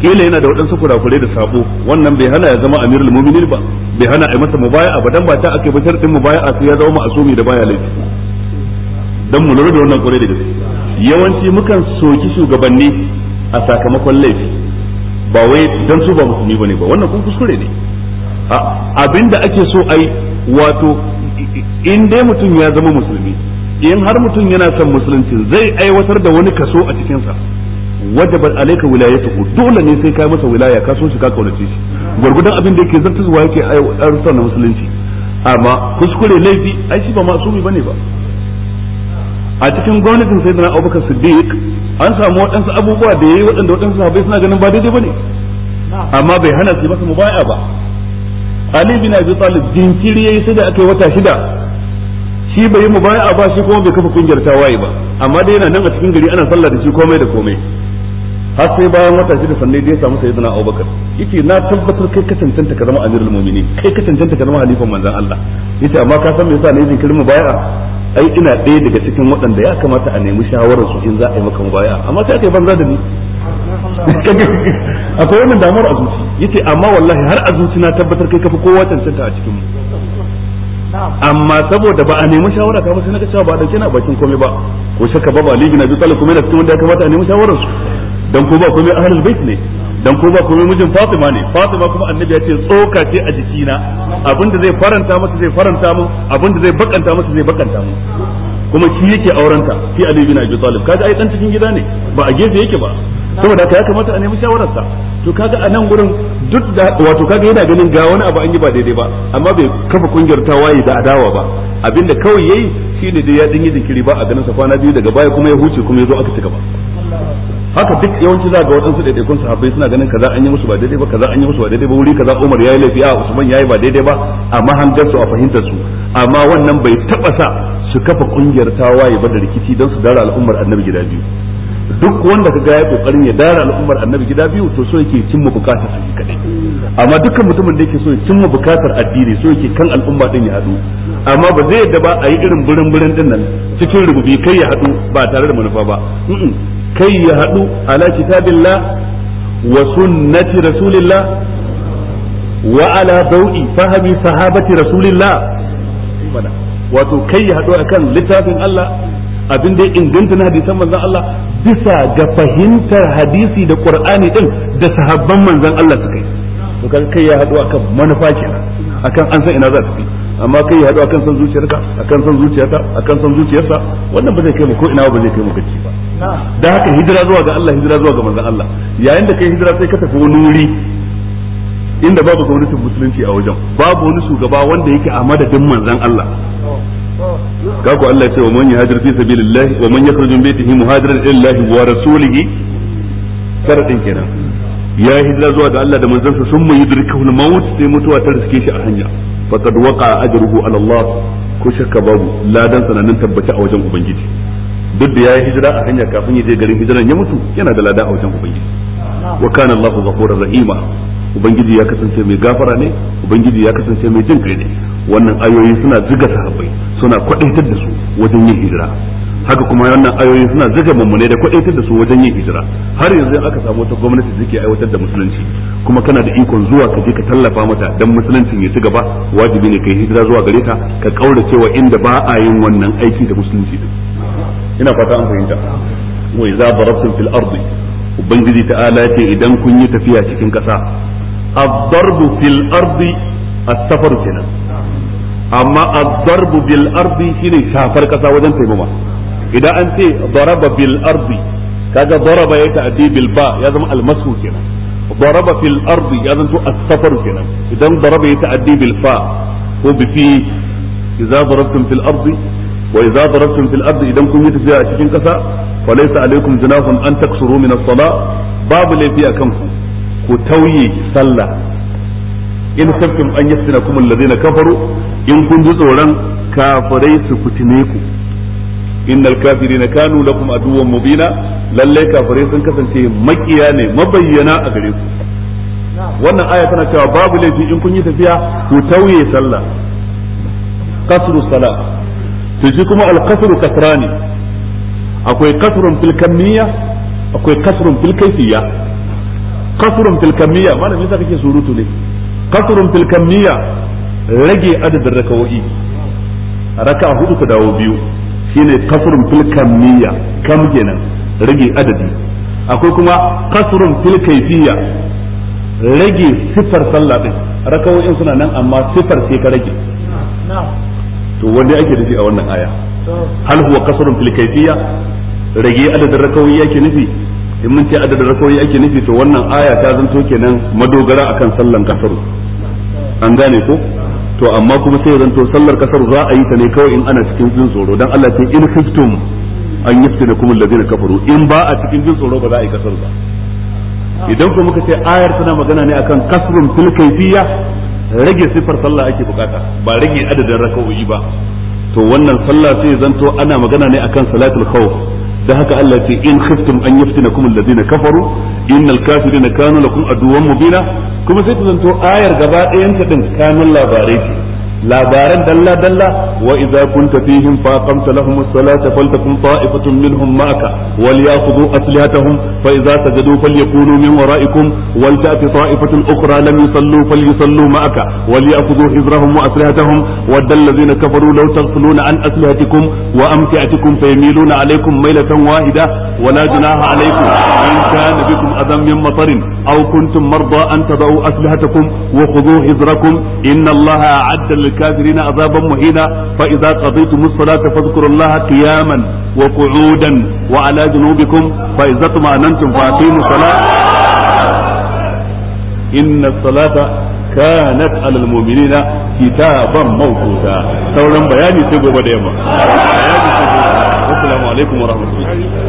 kila yana da waɗansu kurakurai da sabo wannan bai hana ya zama amirul mu'minin ba bai hana a masa mubaya'a ba dan ba ta ake ba shartin mubaya'a sai ya zama ma'asumi da baya laifi dan mu lura da wannan kurai da gaske yawanci mukan soki shugabanni a sakamakon laifi ba wai dan su ba musulmi bane ba wannan kun kuskure ne abinda ake so ai wato in dai mutum ya zama musulmi in har mutum yana son musulunci zai aiwatar da wani kaso a cikinsa wilaya alayka wilayatuhu dole ne sai kai masa wilaya ka so shi ka kaunace shi gurgudan abin da yake zartaswa yake arsa na musulunci amma kuskure laifi ai shi ba masumi bane ba a cikin gwamnatin sai na abubakar siddiq an samu waɗansu abubuwa da yayi waɗanda waɗansu sahabbai suna ganin ba daidai bane amma bai hana su masa mubaya ba ali bin abi talib jinkiri yayi sai da aka yi wata shida shi bai yi mubaya ba shi kuma bai kafa kungiyar tawaye ba amma dai yana nan a cikin gari ana sallah da shi komai da komai har sai bayan wata shida sannan dai ya samu sayyidina Abubakar yace na tabbatar kai ka cancanta ka zama amirul mu'minin kai ka cancanta ka zama halifan manzon Allah yace amma ka san me yasa ne yin mu baya ai ina ɗaya daga cikin waɗanda ya kamata a nemi shawarar su in za a yi maka mubaya amma sai kai banza da ni akwai wannan damar a zuci yace amma wallahi har a zuci na tabbatar kai kafi kowa cancanta a cikin mu amma saboda ba a nemi shawara ka ba sai naga cewa ba a dauke na bakin komai ba ko shakka ba ba ligina bi talakum ina yana cikin wanda ya kamata a nemi shawarar su dan ko ba komai ahlul bait ne dan ko ba komai mijin Fatima ne Fatima kuma annabi ya ce tsoka ce a jikina abinda zai faranta masa zai faranta mu abinda zai bakanta masa zai bakanta mu kuma shi yake aurenta fi Ali bin Abi Talib kaga ai dan cikin gida ne ba a gefe yake ba saboda ka ya kamata a nemi shawararsa to kaga a nan gurin duk da wato kaga yana ganin ga wani abu an yi ba daidai ba amma bai kafa kungiyar ta waye da adawa ba abinda kawai yayi shine dai ya dinyi dinkiri ba a ganin sa kwana biyu daga baya kuma ya huce kuma ya zo aka ci gaba haka duk yawanci za ga waɗansu ɗaiɗaikun sahabbai suna ganin kaza an yi musu ba daidai ba kaza an yi musu ba daidai ba wuri kaza Umar ya yayi laifi a Usman yayi ba daidai ba amma hangar su a fahimtar su amma wannan bai taɓa sa su kafa kungiyar tawaye ba da rikici don su dara al'ummar Annabi gida biyu duk wanda kaga ya kokarin ya dara al'ummar annabi gida biyu to so yake cimma bukatar su kadai amma dukkan mutumin da yake so ya cimma bukatar addini so yake kan al'umma din ya hadu amma ba zai yadda ba a yi irin burin burin din nan cikin rububi kai ya hadu ba tare da manufa ba kai ya hadu ala kitabillah wa sunnati rasulillah wa ala dawi fahmi sahabati rasulillah wato kai ya hadu akan littafin Allah abin da ya inganta na hadisan manzon Allah bisa ga fahimtar hadisi da Qur'ani din da sahabban manzon Allah suka yi to kan kai ya haɗu akan manufa kenan akan an san ina za ta fi amma kai ya haɗu akan san zuciyarka akan san zuciyarka akan san zuciyarsa wannan ba zai kai mu ko ina ba zai kai mu gaci ba da haka hijira zuwa ga Allah hijira zuwa ga manzon Allah yayin da kai hijira sai ka tafi wani wuri inda babu gwamnatin musulunci a wajen babu wani shugaba wanda yake a madadin manzon Allah kako Allah ce wa man yahajir fi sabilillahi wa man yakhruju min baytihi muhajiran ila Allah wa rasulih sharadin kenan ya hijira zuwa ga Allah da manzansa sun mai yudrikahu al-maut sai mutuwa ta riske shi a hanya faqad waqa ajruhu ala Allah ko shakka babu ladan sanannin tabbata a wajen ubangiji duk da yayi hijira a hanya kafin ya je garin hijiran ya mutu yana da lada a wajen ubangiji wa kana Allahu ghafurur rahima ubangiji ya kasance mai gafara ne ubangiji ya kasance mai jin kai ne wannan ayoyi suna ziga sahabbai suna kwadaitar da su wajen yin hijira haka kuma wannan ayoyi suna ziga mummune da kwadaitar da su wajen yin hijira har yanzu in aka samu wata gwamnati da take aiwatar da musulunci kuma kana da ikon zuwa ka je ka tallafa mata dan musuluncin ya ci gaba wajibi ne kai hijira zuwa gare ta ka kaura cewa inda ba a yin wannan aiki da musulunci din ina fata an fahimta wa iza barabtum fil ardi ubangiji ta'ala ce idan kun yi tafiya cikin kasa ad-darbu fil ardi as-safar kenan amma ad-darbu bil ardi shine safar kasa wajen taimama idan an ce daraba bil ardi kaga daraba ya ta'di bil ba ya zama al-masu kenan daraba fil ardi ya zanto as-safar kenan idan daraba ya ta'di bil fa ko bi fi idza darabtum fil ardi wa idan kun yi tafiya a cikin kasa fa laysa alaykum an taksuru min babu laifi akan ku ku tauye sallah in sabtum an yassina kuma ladina kafaru in kun ji tsoron kafirai su fitine ku innal kafirina kanu lakum aduwwan mubina lalle kafirai sun kasance makiya ne mabayyana a gare ku wannan aya tana cewa babu laifi in kun yi tafiya ku tauye sallah kasru salat to shi kuma al-kasru kasrani akwai kasrun fil kamiyya akwai kasrun fil kayfiyya qasrun fil kamiyya malami yasa kake surutu ne qasrun fil kamiyya rage adadin rakawoyi raka hudu ka dawo biyu shine qasrun fil kamiyya kam kenan rage adadi akwai kuma qasrun fil kayfiyya rage sifar sallah din rakawoyin suna nan amma sifar sai ka rage to wanda ake nufi a wannan aya hal huwa qasrun fil kayfiyya rage adadin rakawoyi yake nufi in mun ce adadin rakawoyi ake nufi to wannan aya ta zanto kenan madogara akan sallan kasaru an gane ko to amma kuma sai zanto sallar kasaru za a yi ta ne kawai in ana cikin jin tsoro dan Allah ce in khiftum an yaftinakum alladhina kafaru in ba a cikin jin tsoro ba za a yi kasaru ba idan kuma muka ce ayar tana magana ne akan kasrun fil kayfiyya rage sifar sallah ake bukata ba rage adadin rakawoyi ba to wannan sallah sai zanto ana magana ne akan salatul khawf da haka Allah ce in khiftum an yaftinakum alladhina kafaru innal kafirina kanu lakum aduwwan mubina kuma sai ta zanto ayar gaba ɗayan ta din kanun labarai ce labaran dalla dalla wa idza kunta fihim fa qamta lahum as-salata faltakum ta'ifatun minhum ma'aka wal yaqudu aslihatahum fa idza sajadu falyakunu min wara'ikum wal ta'ti ta'ifatun ukhra lam yusallu falyusallu ma'aka wal yaqudu hizrahum wa aslihatahum wadda alladhina kafaru law taghfuluna an aslihatikum wa amti'atikum fayamiluna alaykum maylatan wahida la junaha alaykum in kana bikum adam min matarin aw kuntum marda an tad'u aslihatakum wa khudhu hizrakum inna allaha a'adda وللكافرين عذابا مهينا فإذا قضيتم الصلاة فاذكروا الله قياما وقعودا وعلى جنوبكم فإذا اطمأننتم فأقيموا الصلاة إن الصلاة كانت على المؤمنين كتابا موقوتا سورا بياني سيبوا بديما السلام عليكم ورحمة الله